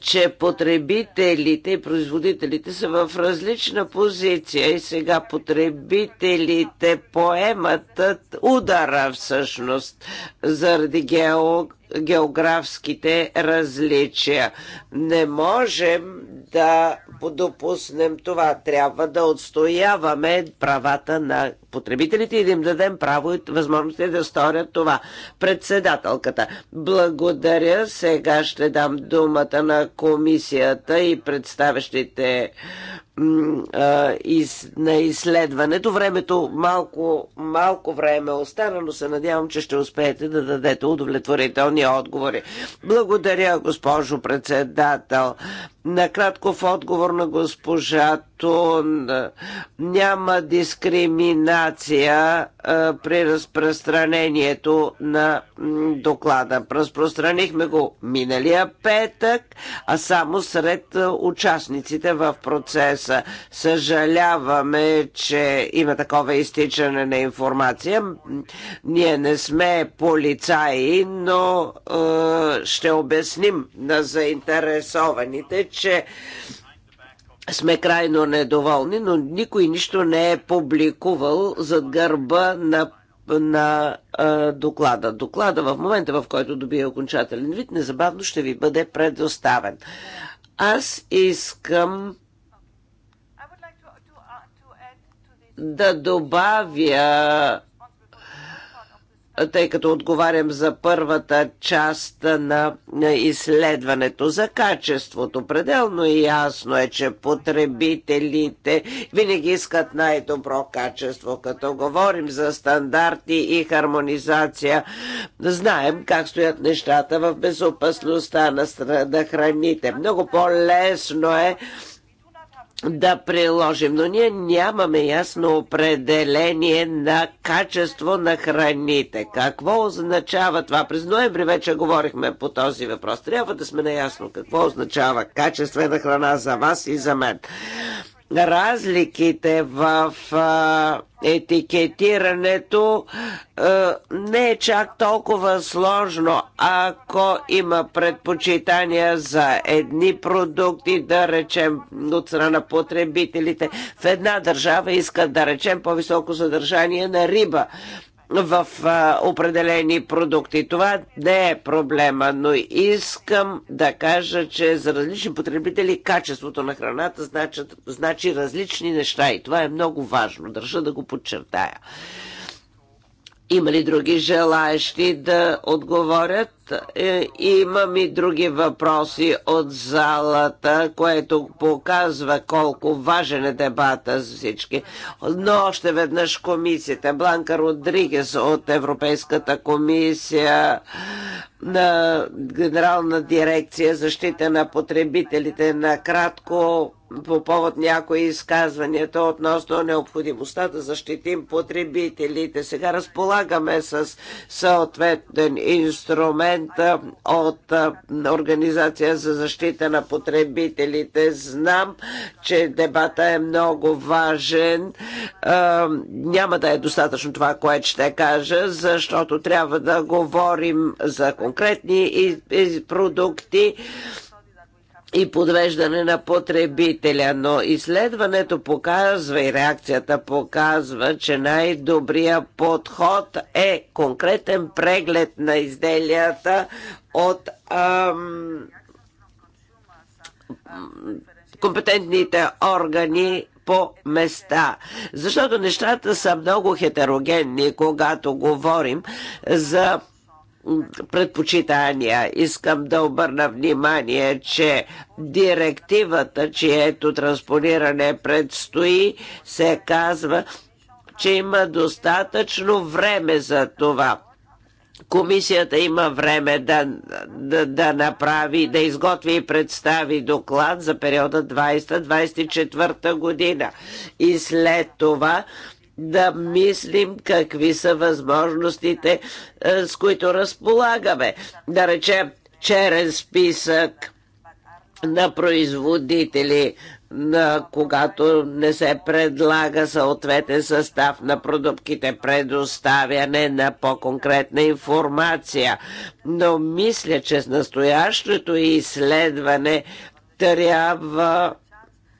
че потребителите и производителите са в различна позиция и сега потребителите поемат удара всъщност заради гео, географските различия. Не можем да допуснем това. Трябва да отстояваме правата на потребителите и да им дадем право и възможности да сторят това. Председателката, благодаря. Сега ще дам думата на комисията и представящите из, на изследването. Времето малко, малко време остана, но се надявам, че ще успеете да дадете удовлетворителни отговори. Благодаря, госпожо председател. Накратко в отговор на госпожа защото няма дискриминация при разпространението на доклада. Разпространихме го миналия петък, а само сред участниците в процеса. Съжаляваме, че има такова изтичане на информация. Ние не сме полицаи, но ще обясним на заинтересованите, че сме крайно недоволни, но никой нищо не е публикувал зад гърба на на а, доклада. Доклада в момента, в който добие окончателен вид, незабавно ще ви бъде предоставен. Аз искам да добавя тъй като отговарям за първата част на изследването за качеството. Пределно и ясно е, че потребителите винаги искат най-добро качество. Като говорим за стандарти и хармонизация, знаем как стоят нещата в безопасността на храните. Много по-лесно е да приложим, но ние нямаме ясно определение на качество на храните. Какво означава това? През ноември вече говорихме по този въпрос. Трябва да сме наясно какво означава качествена храна за вас и за мен разликите в етикетирането не е чак толкова сложно, ако има предпочитания за едни продукти, да речем от страна на потребителите. В една държава искат да речем по-високо съдържание на риба в а, определени продукти. Това не е проблема, но искам да кажа, че за различни потребители качеството на храната значи, значи различни неща и това е много важно. Държа да го подчертая. Има ли други желаещи да отговорят? Е, имам и други въпроси от залата, което показва колко важен е дебата за всички. Но още веднъж комисията. Бланка Родригес от Европейската комисия на Генерална дирекция защита на потребителите накратко по повод някои изказванията относно необходимостта да защитим потребителите. Сега разполагаме с съответен инструмент 1% от Организация за защита на потребителите. Знам, че дебата е много важен. Няма да е достатъчно това, което ще кажа, защото трябва да говорим за конкретни продукти и подвеждане на потребителя, но изследването показва и реакцията показва, че най-добрият подход е конкретен преглед на изделията от ам, компетентните органи по места. Защото нещата са много хетерогенни, когато говорим за предпочитания. Искам да обърна внимание, че директивата, чието транспониране предстои, се казва, че има достатъчно време за това. Комисията има време да, да, да направи, да изготви и представи доклад за периода 20-24 година. И след това да мислим какви са възможностите, е, с които разполагаме. Да речем, черен списък на производители, на когато не се предлага съответен състав на продуктите, предоставяне на по-конкретна информация. Но мисля, че с настоящото изследване трябва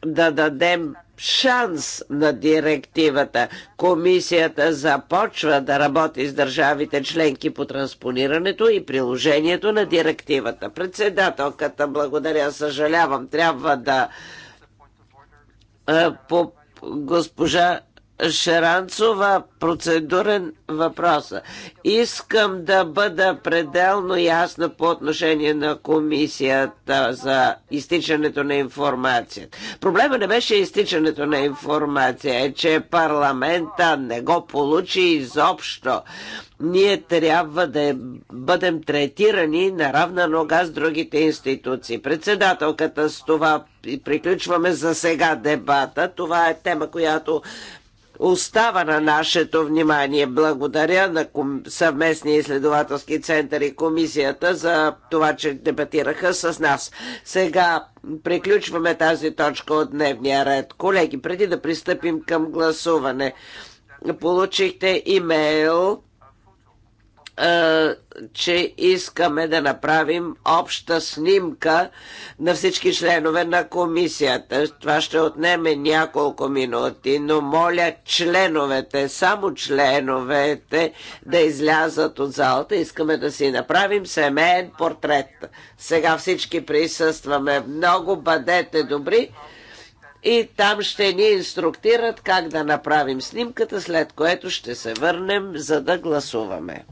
да дадем шанс на директивата. Комисията започва да работи с държавите членки по транспонирането и приложението на директивата. Председателката, благодаря, съжалявам, трябва да е, по госпожа Шаранцова, процедурен въпрос. Искам да бъда пределно ясна по отношение на комисията за изтичането на информацията. Проблема не беше изтичането на информация, е, че парламента не го получи изобщо. Ние трябва да бъдем третирани на равна нога с другите институции. Председателката с това приключваме за сега дебата. Това е тема, която остава на нашето внимание. Благодаря на съвместния изследователски център и комисията за това, че дебатираха с нас. Сега приключваме тази точка от дневния ред. Колеги, преди да пристъпим към гласуване, получихте имейл е, че искаме да направим обща снимка на всички членове на комисията. Това ще отнеме няколко минути, но моля членовете, само членовете да излязат от залата. Искаме да си направим семейен портрет. Сега всички присъстваме много, бъдете добри и там ще ни инструктират как да направим снимката, след което ще се върнем, за да гласуваме.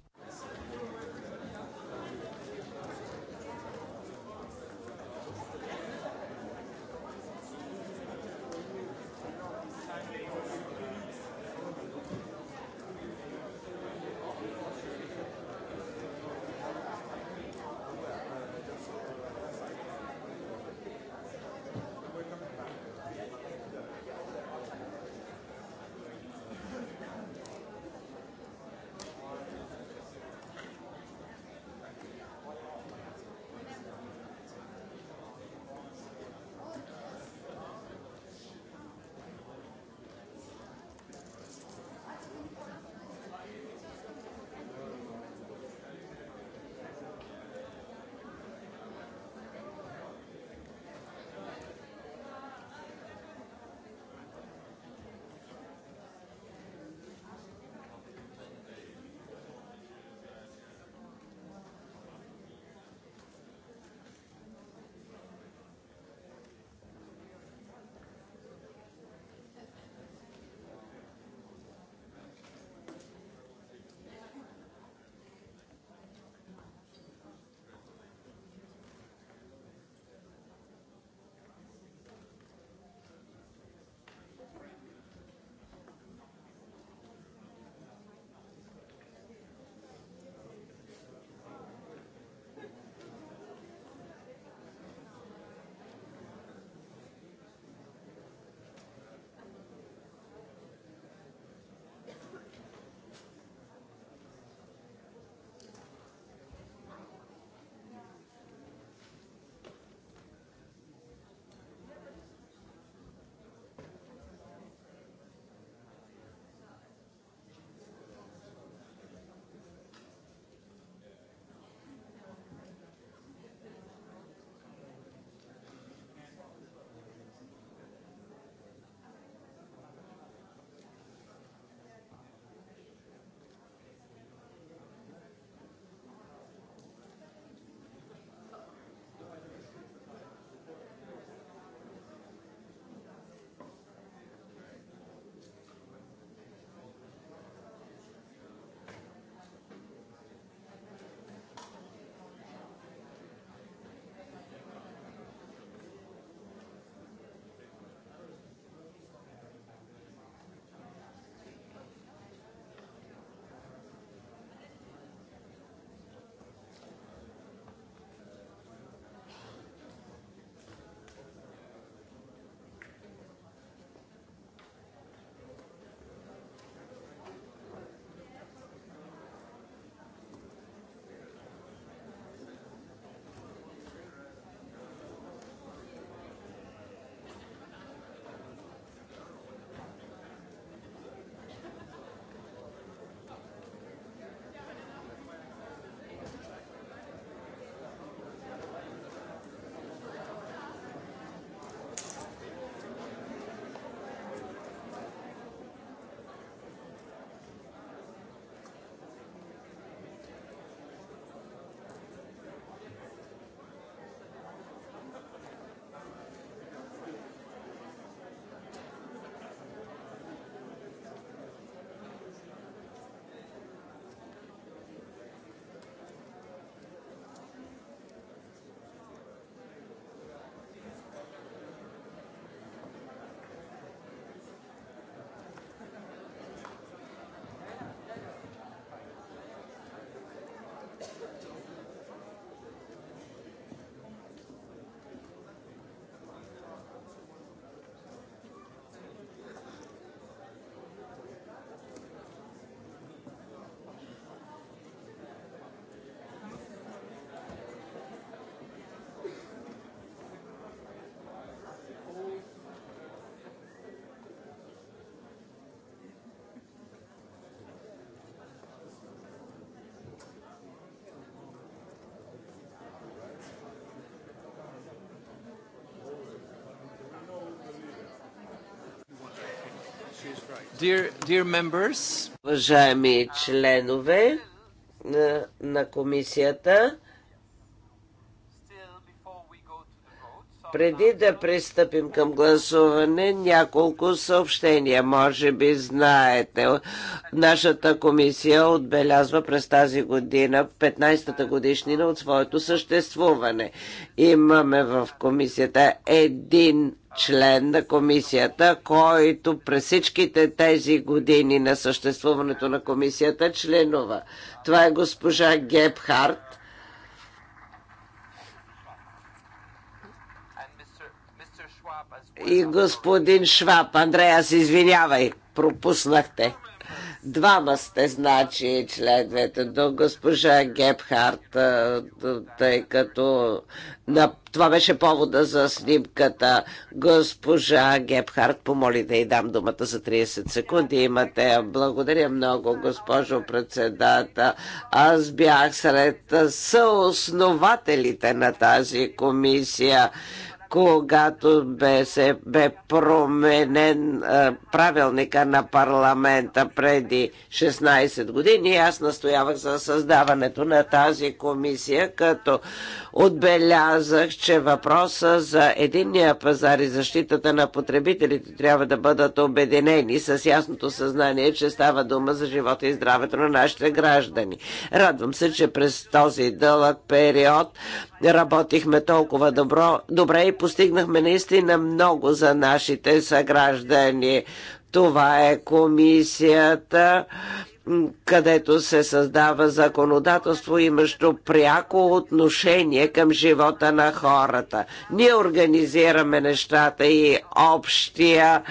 Уважаеми членове на комисията, преди да пристъпим към гласуване, няколко съобщения. Може би знаете, нашата комисия отбелязва през тази година 15-та годишнина от своето съществуване. Имаме в комисията един член на комисията, който през всичките тези години на съществуването на комисията членува. Това е госпожа Гебхарт. И господин Шваб. Андрея, се извинявай, пропуснахте. Двама сте, значи, членовете до госпожа Гепхарт, тъй като на... това беше повода за снимката. Госпожа Гепхарт помоли да й дам думата за 30 секунди. Имате. Благодаря много, госпожо председател. Аз бях сред съоснователите на тази комисия когато бе, се, бе променен а, правилника на парламента преди 16 години. Аз настоявах за създаването на тази комисия, като отбелязах, че въпроса за единния пазар и защитата на потребителите трябва да бъдат обединени с ясното съзнание, че става дума за живота и здравето на нашите граждани. Радвам се, че през този дълъг период работихме толкова добро, добре и постигнахме наистина много за нашите съграждани. Това е комисията, където се създава законодателство, имащо пряко отношение към живота на хората. Ние организираме нещата и общия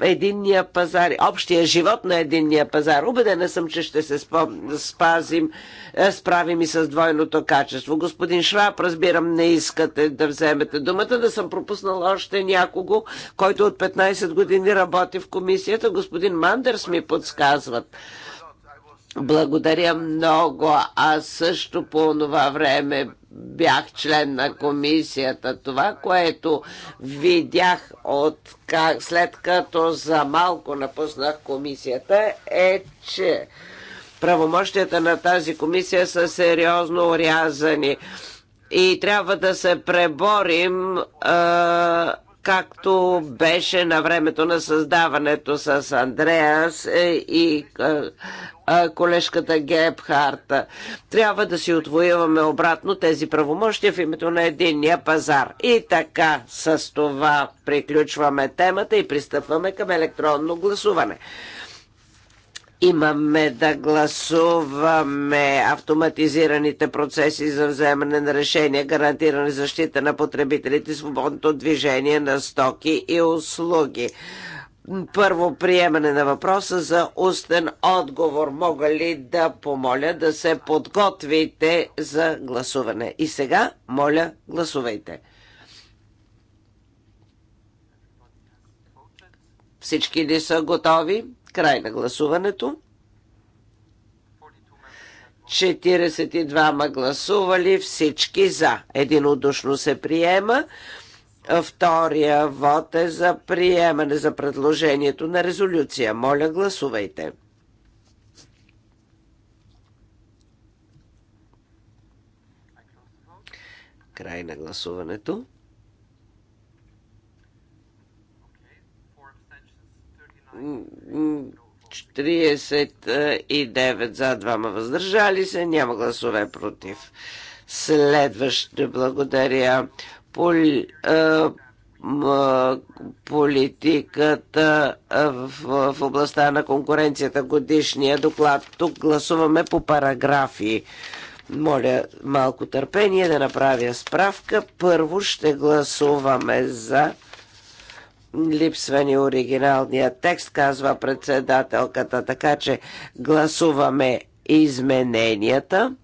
единния пазар, общия живот на единния пазар. Убедена съм, че ще се спазим, справим и с двойното качество. Господин Шваб, разбирам, не искате да вземете думата, да съм пропуснала още някого, който от 15 години работи в комисията. Господин Мандерс ми подсказват. Благодаря много. Аз също по това време бях член на комисията. Това, което видях от как, след като за малко напуснах комисията е, че правомощията на тази комисия са сериозно урязани и трябва да се преборим а, както беше на времето на създаването с Андреас е, и колежката Гебхарта. Трябва да си отвоюваме обратно тези правомощия в името на единния пазар. И така с това приключваме темата и пристъпваме към електронно гласуване. Имаме да гласуваме автоматизираните процеси за вземане на решения, гарантиране защита на потребителите, свободното движение на стоки и услуги първо приемане на въпроса за устен отговор. Мога ли да помоля да се подготвите за гласуване? И сега, моля, гласувайте. Всички ли са готови? Край на гласуването. 42 гласували, всички за. Единодушно се приема. Втория вод е за приемане за предложението на резолюция. Моля, гласувайте. Край на гласуването. и 49 за, двама въздържали се, няма гласове против. Следващо, благодаря политиката в, областта на конкуренцията годишния доклад. Тук гласуваме по параграфи. Моля малко търпение да направя справка. Първо ще гласуваме за липсвани оригиналния текст, казва председателката, така че гласуваме измененията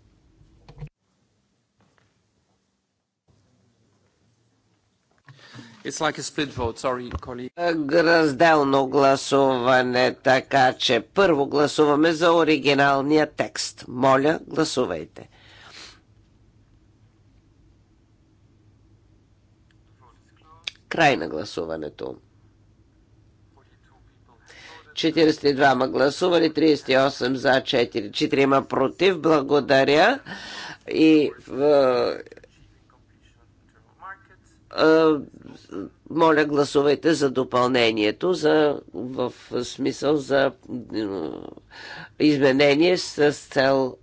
It's like a split vote. Sorry, Разделно гласуване, така че първо гласуваме за оригиналния текст. Моля, гласувайте. Край на гласуването. 42 ма гласували, 38 за, 4, 4 ма против. Благодаря. И моля, гласувайте за допълнението, за, в смисъл за е, изменение с цел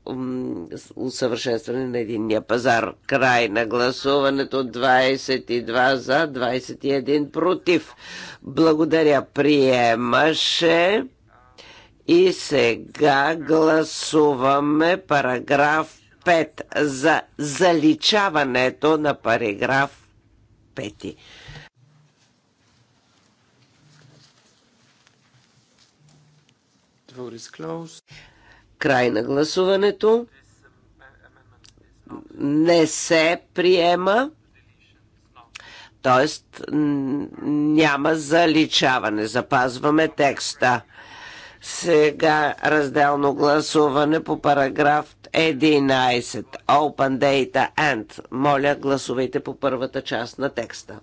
усъвършенстване на единния пазар. Край на гласуването 22 за, 21 против. Благодаря, приемаше. И сега гласуваме параграф 5 за заличаването на параграф пети. Край на гласуването. Не се приема. Тоест няма заличаване. Запазваме текста. Сега разделно гласуване по параграф 11. Open Data and. Моля, гласувайте по първата част на текста.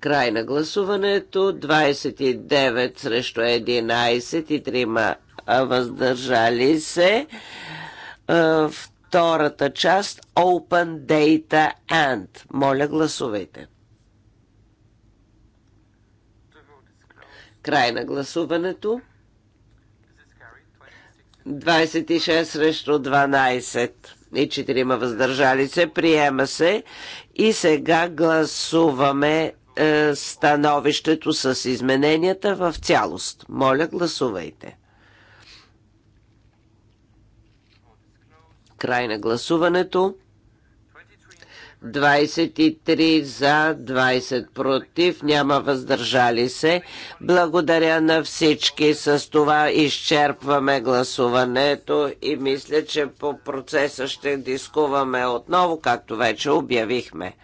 Край на гласуването. 29 срещу 11 и 3 въздържали се. Втората част Open Data and. Моля, гласувайте. Край на гласуването. 26 срещу 12 и 4 въздържали се. Приема се. И сега гласуваме е, становището с измененията в цялост. Моля, гласувайте. Край на гласуването. 23 за, 20 против, няма въздържали се. Благодаря на всички. С това изчерпваме гласуването и мисля, че по процеса ще дискуваме отново, както вече обявихме.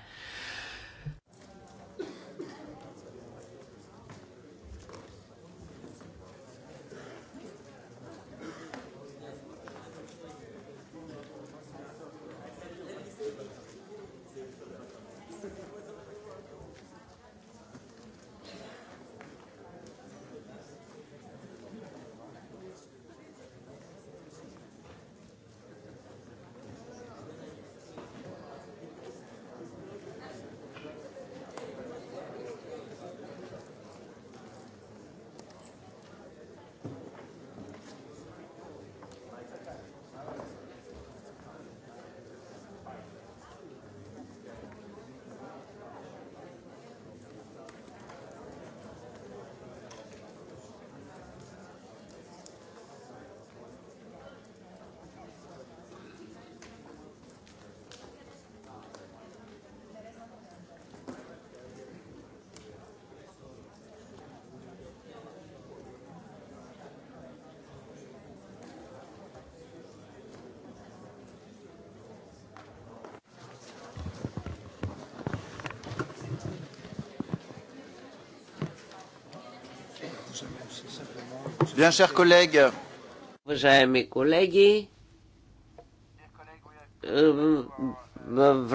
Уважаеми колеги,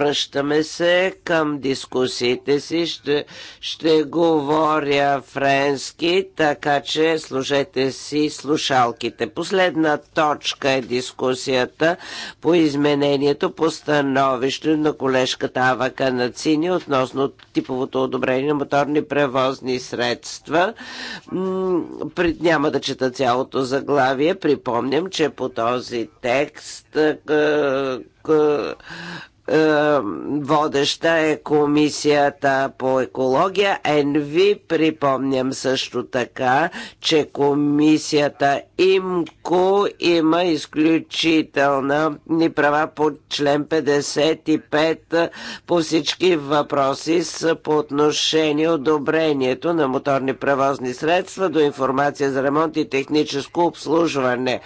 Връщаме се към дискусиите си. Ще, ще говоря френски, така че служете си слушалките. Последна точка е дискусията по изменението по становище на колежката Ава Канацини относно типовото одобрение на моторни превозни средства. Пред, няма да чета цялото заглавие. Припомням, че по този текст е, водеща е комисията по екология. Енви, припомням също така, че комисията ИМКО има изключителна ни права по член 55 по всички въпроси с по отношение одобрението на моторни превозни средства до информация за ремонт и техническо обслужване.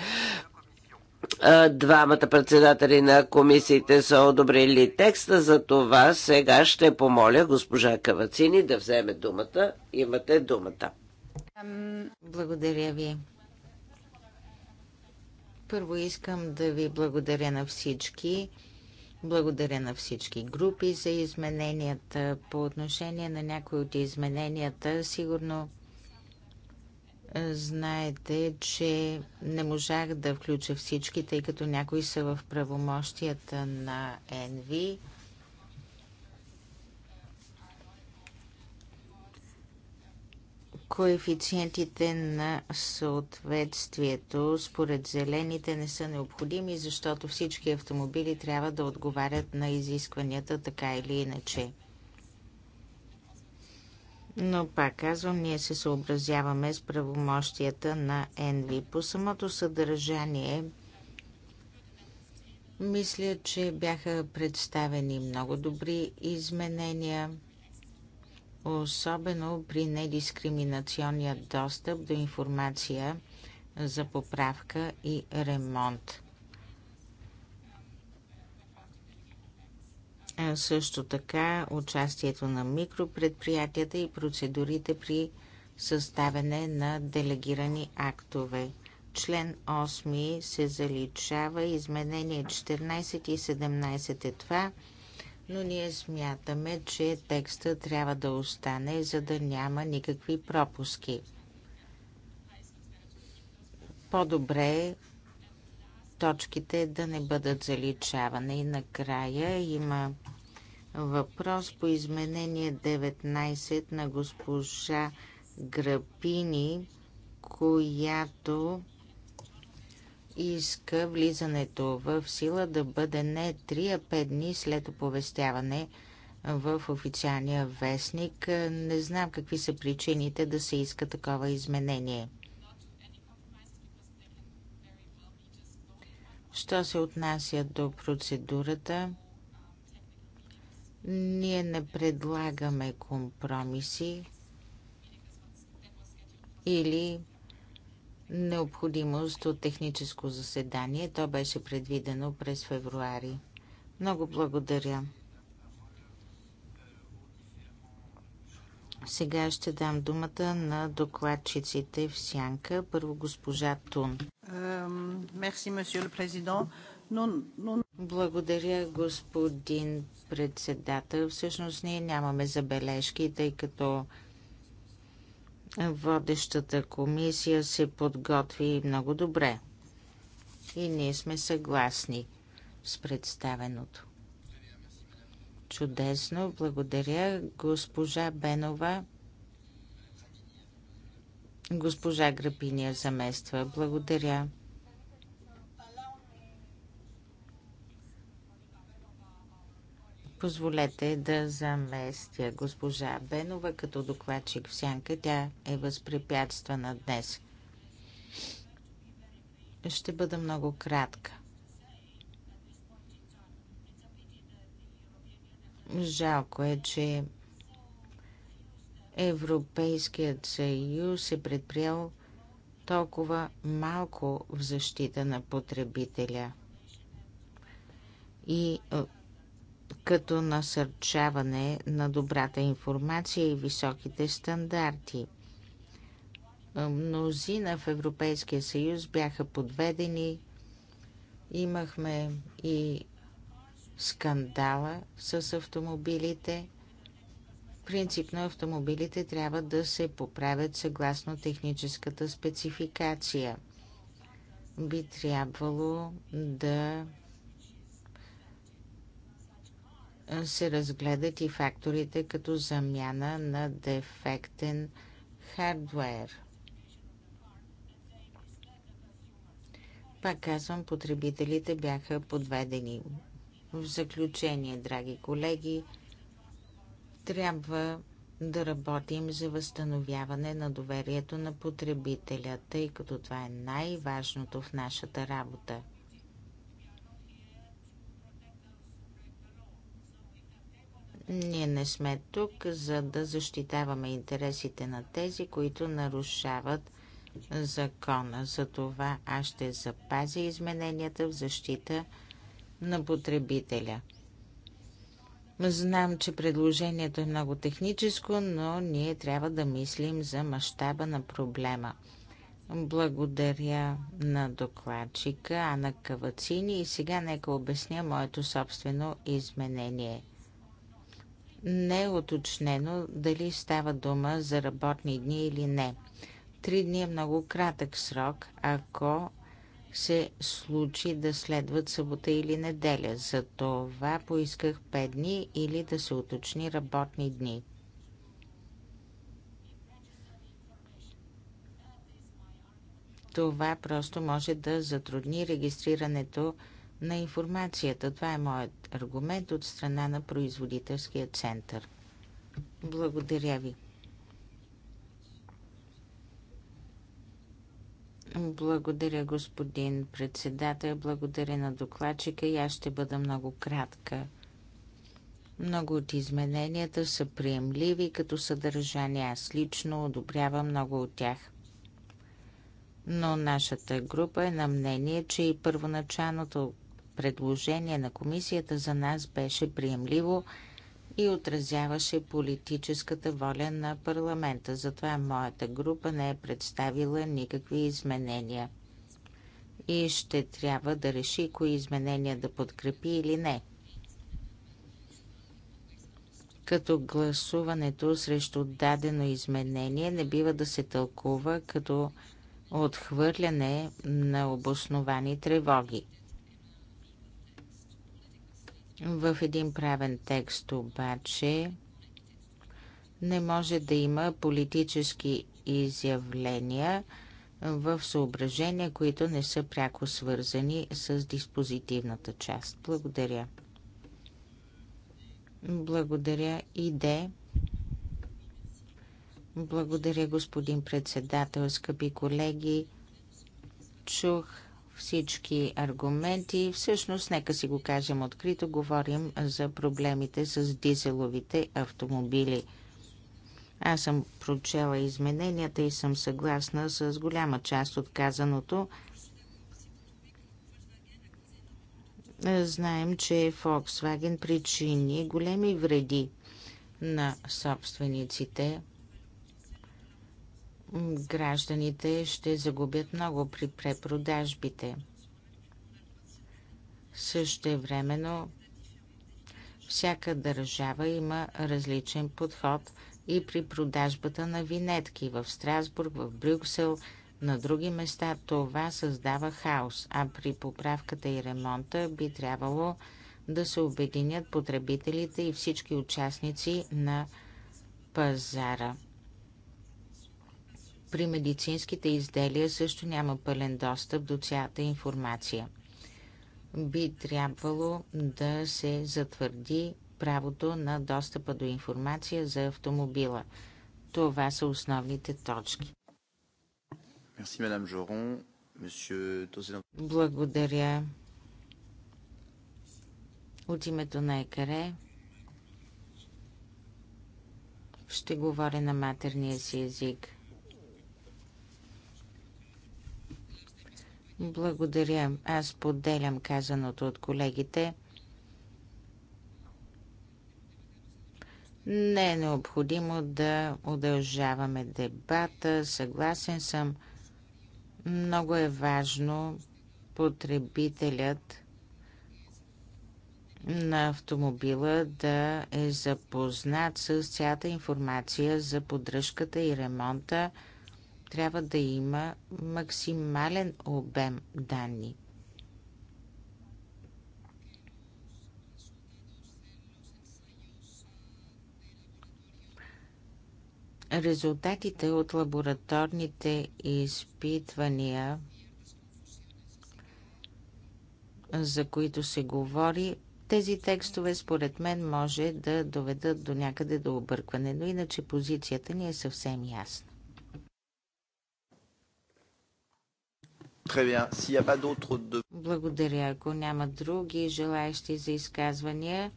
Двамата председатели на комисиите са одобрили текста, за това сега ще помоля госпожа Кавацини да вземе думата. Имате думата. Благодаря ви. Първо искам да ви благодаря на всички. Благодаря на всички групи за измененията. По отношение на някои от измененията, сигурно Знаете, че не можах да включа всички, тъй като някои са в правомощията на НВ. Коефициентите на съответствието според зелените не са необходими, защото всички автомобили трябва да отговарят на изискванията така или иначе. Но пак казвам, ние се съобразяваме с правомощията на ЕНВИ. По самото съдържание мисля, че бяха представени много добри изменения, особено при недискриминационния достъп до информация за поправка и ремонт. а също така участието на микропредприятията и процедурите при съставяне на делегирани актове. Член 8 се заличава, изменение 14 и 17 е това, но ние смятаме, че текста трябва да остане, за да няма никакви пропуски. По-добре е точките да не бъдат заличавани. И накрая има въпрос по изменение 19 на госпожа Грапини, която иска влизането в сила да бъде не 3, а 5 дни след оповестяване в официалния вестник. Не знам какви са причините да се иска такова изменение. Що се отнася до процедурата, ние не предлагаме компромиси или необходимост от техническо заседание. То беше предвидено през февруари. Много благодаря. Сега ще дам думата на докладчиците в сянка. Първо госпожа Тун. Мерси, месье президент. Благодаря, господин председател. Всъщност ние нямаме забележки, тъй като водещата комисия се подготви много добре. И ние сме съгласни с представеното. Чудесно, благодаря. Госпожа Бенова. Госпожа Грапиния замества. Благодаря. Позволете да заместя госпожа Бенова като докладчик в сянка. Тя е възпрепятствана днес. Ще бъда много кратка. Жалко е, че Европейският съюз е предприел толкова малко в защита на потребителя и като насърчаване на добрата информация и високите стандарти. Мнозина в Европейския съюз бяха подведени. Имахме и скандала с автомобилите. Принципно автомобилите трябва да се поправят съгласно техническата спецификация. Би трябвало да се разгледат и факторите като замяна на дефектен хардвер. Пак казвам, потребителите бяха подведени. В заключение, драги колеги, трябва да работим за възстановяване на доверието на потребителя, тъй като това е най-важното в нашата работа. Ние не сме тук, за да защитаваме интересите на тези, които нарушават закона. За това аз ще запазя измененията в защита на на потребителя. Знам, че предложението е много техническо, но ние трябва да мислим за мащаба на проблема. Благодаря на докладчика Ана Кавацини и сега нека обясня моето собствено изменение. Не е уточнено дали става дума за работни дни или не. Три дни е много кратък срок, ако се случи да следват събота или неделя. За това поисках 5 дни или да се уточни работни дни. Това просто може да затрудни регистрирането на информацията. Това е моят аргумент от страна на производителския център. Благодаря ви. Благодаря, господин председател. Благодаря на докладчика и аз ще бъда много кратка. Много от измененията са приемливи като съдържание. Аз лично одобрявам много от тях. Но нашата група е на мнение, че и първоначалното предложение на комисията за нас беше приемливо – и отразяваше политическата воля на парламента. Затова моята група не е представила никакви изменения и ще трябва да реши кои изменения да подкрепи или не. Като гласуването срещу дадено изменение не бива да се тълкува като отхвърляне на обосновани тревоги. В един правен текст обаче не може да има политически изявления в съображения, които не са пряко свързани с диспозитивната част. Благодаря. Благодаря и де. Благодаря, господин председател, скъпи колеги. Чух всички аргументи. Всъщност, нека си го кажем открито, говорим за проблемите с дизеловите автомобили. Аз съм прочела измененията и съм съгласна с голяма част от казаното. Знаем, че Volkswagen причини големи вреди на собствениците – гражданите ще загубят много при препродажбите. Също времено всяка държава има различен подход и при продажбата на винетки в Страсбург, в Брюксел, на други места това създава хаос, а при поправката и ремонта би трябвало да се обединят потребителите и всички участници на пазара при медицинските изделия също няма пълен достъп до цялата информация. Би трябвало да се затвърди правото на достъпа до информация за автомобила. Това са основните точки. Благодаря. От името на ЕКАРЕ ще говоря на матерния си език. Благодаря. Аз поделям казаното от колегите. Не е необходимо да удължаваме дебата. Съгласен съм. Много е важно потребителят на автомобила да е запознат с цялата информация за поддръжката и ремонта трябва да има максимален обем данни. Резултатите от лабораторните изпитвания, за които се говори, тези текстове според мен може да доведат до някъде до объркване, но иначе позицията ни е съвсем ясна. Благодаря. Ако няма други желаящи за изказвания,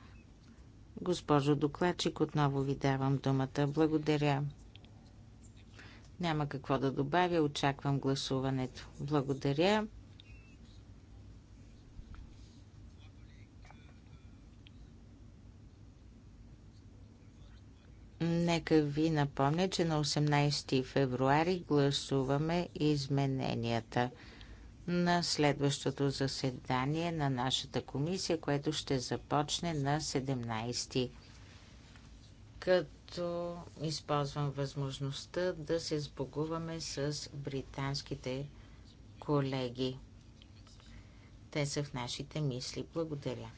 госпожо докладчик, отново ви давам думата. Благодаря. Няма какво да добавя. Очаквам гласуването. Благодаря. Нека ви напомня, че на 18 февруари гласуваме измененията на следващото заседание на нашата комисия, което ще започне на 17 като използвам възможността да се сбогуваме с британските колеги. Те са в нашите мисли. Благодаря.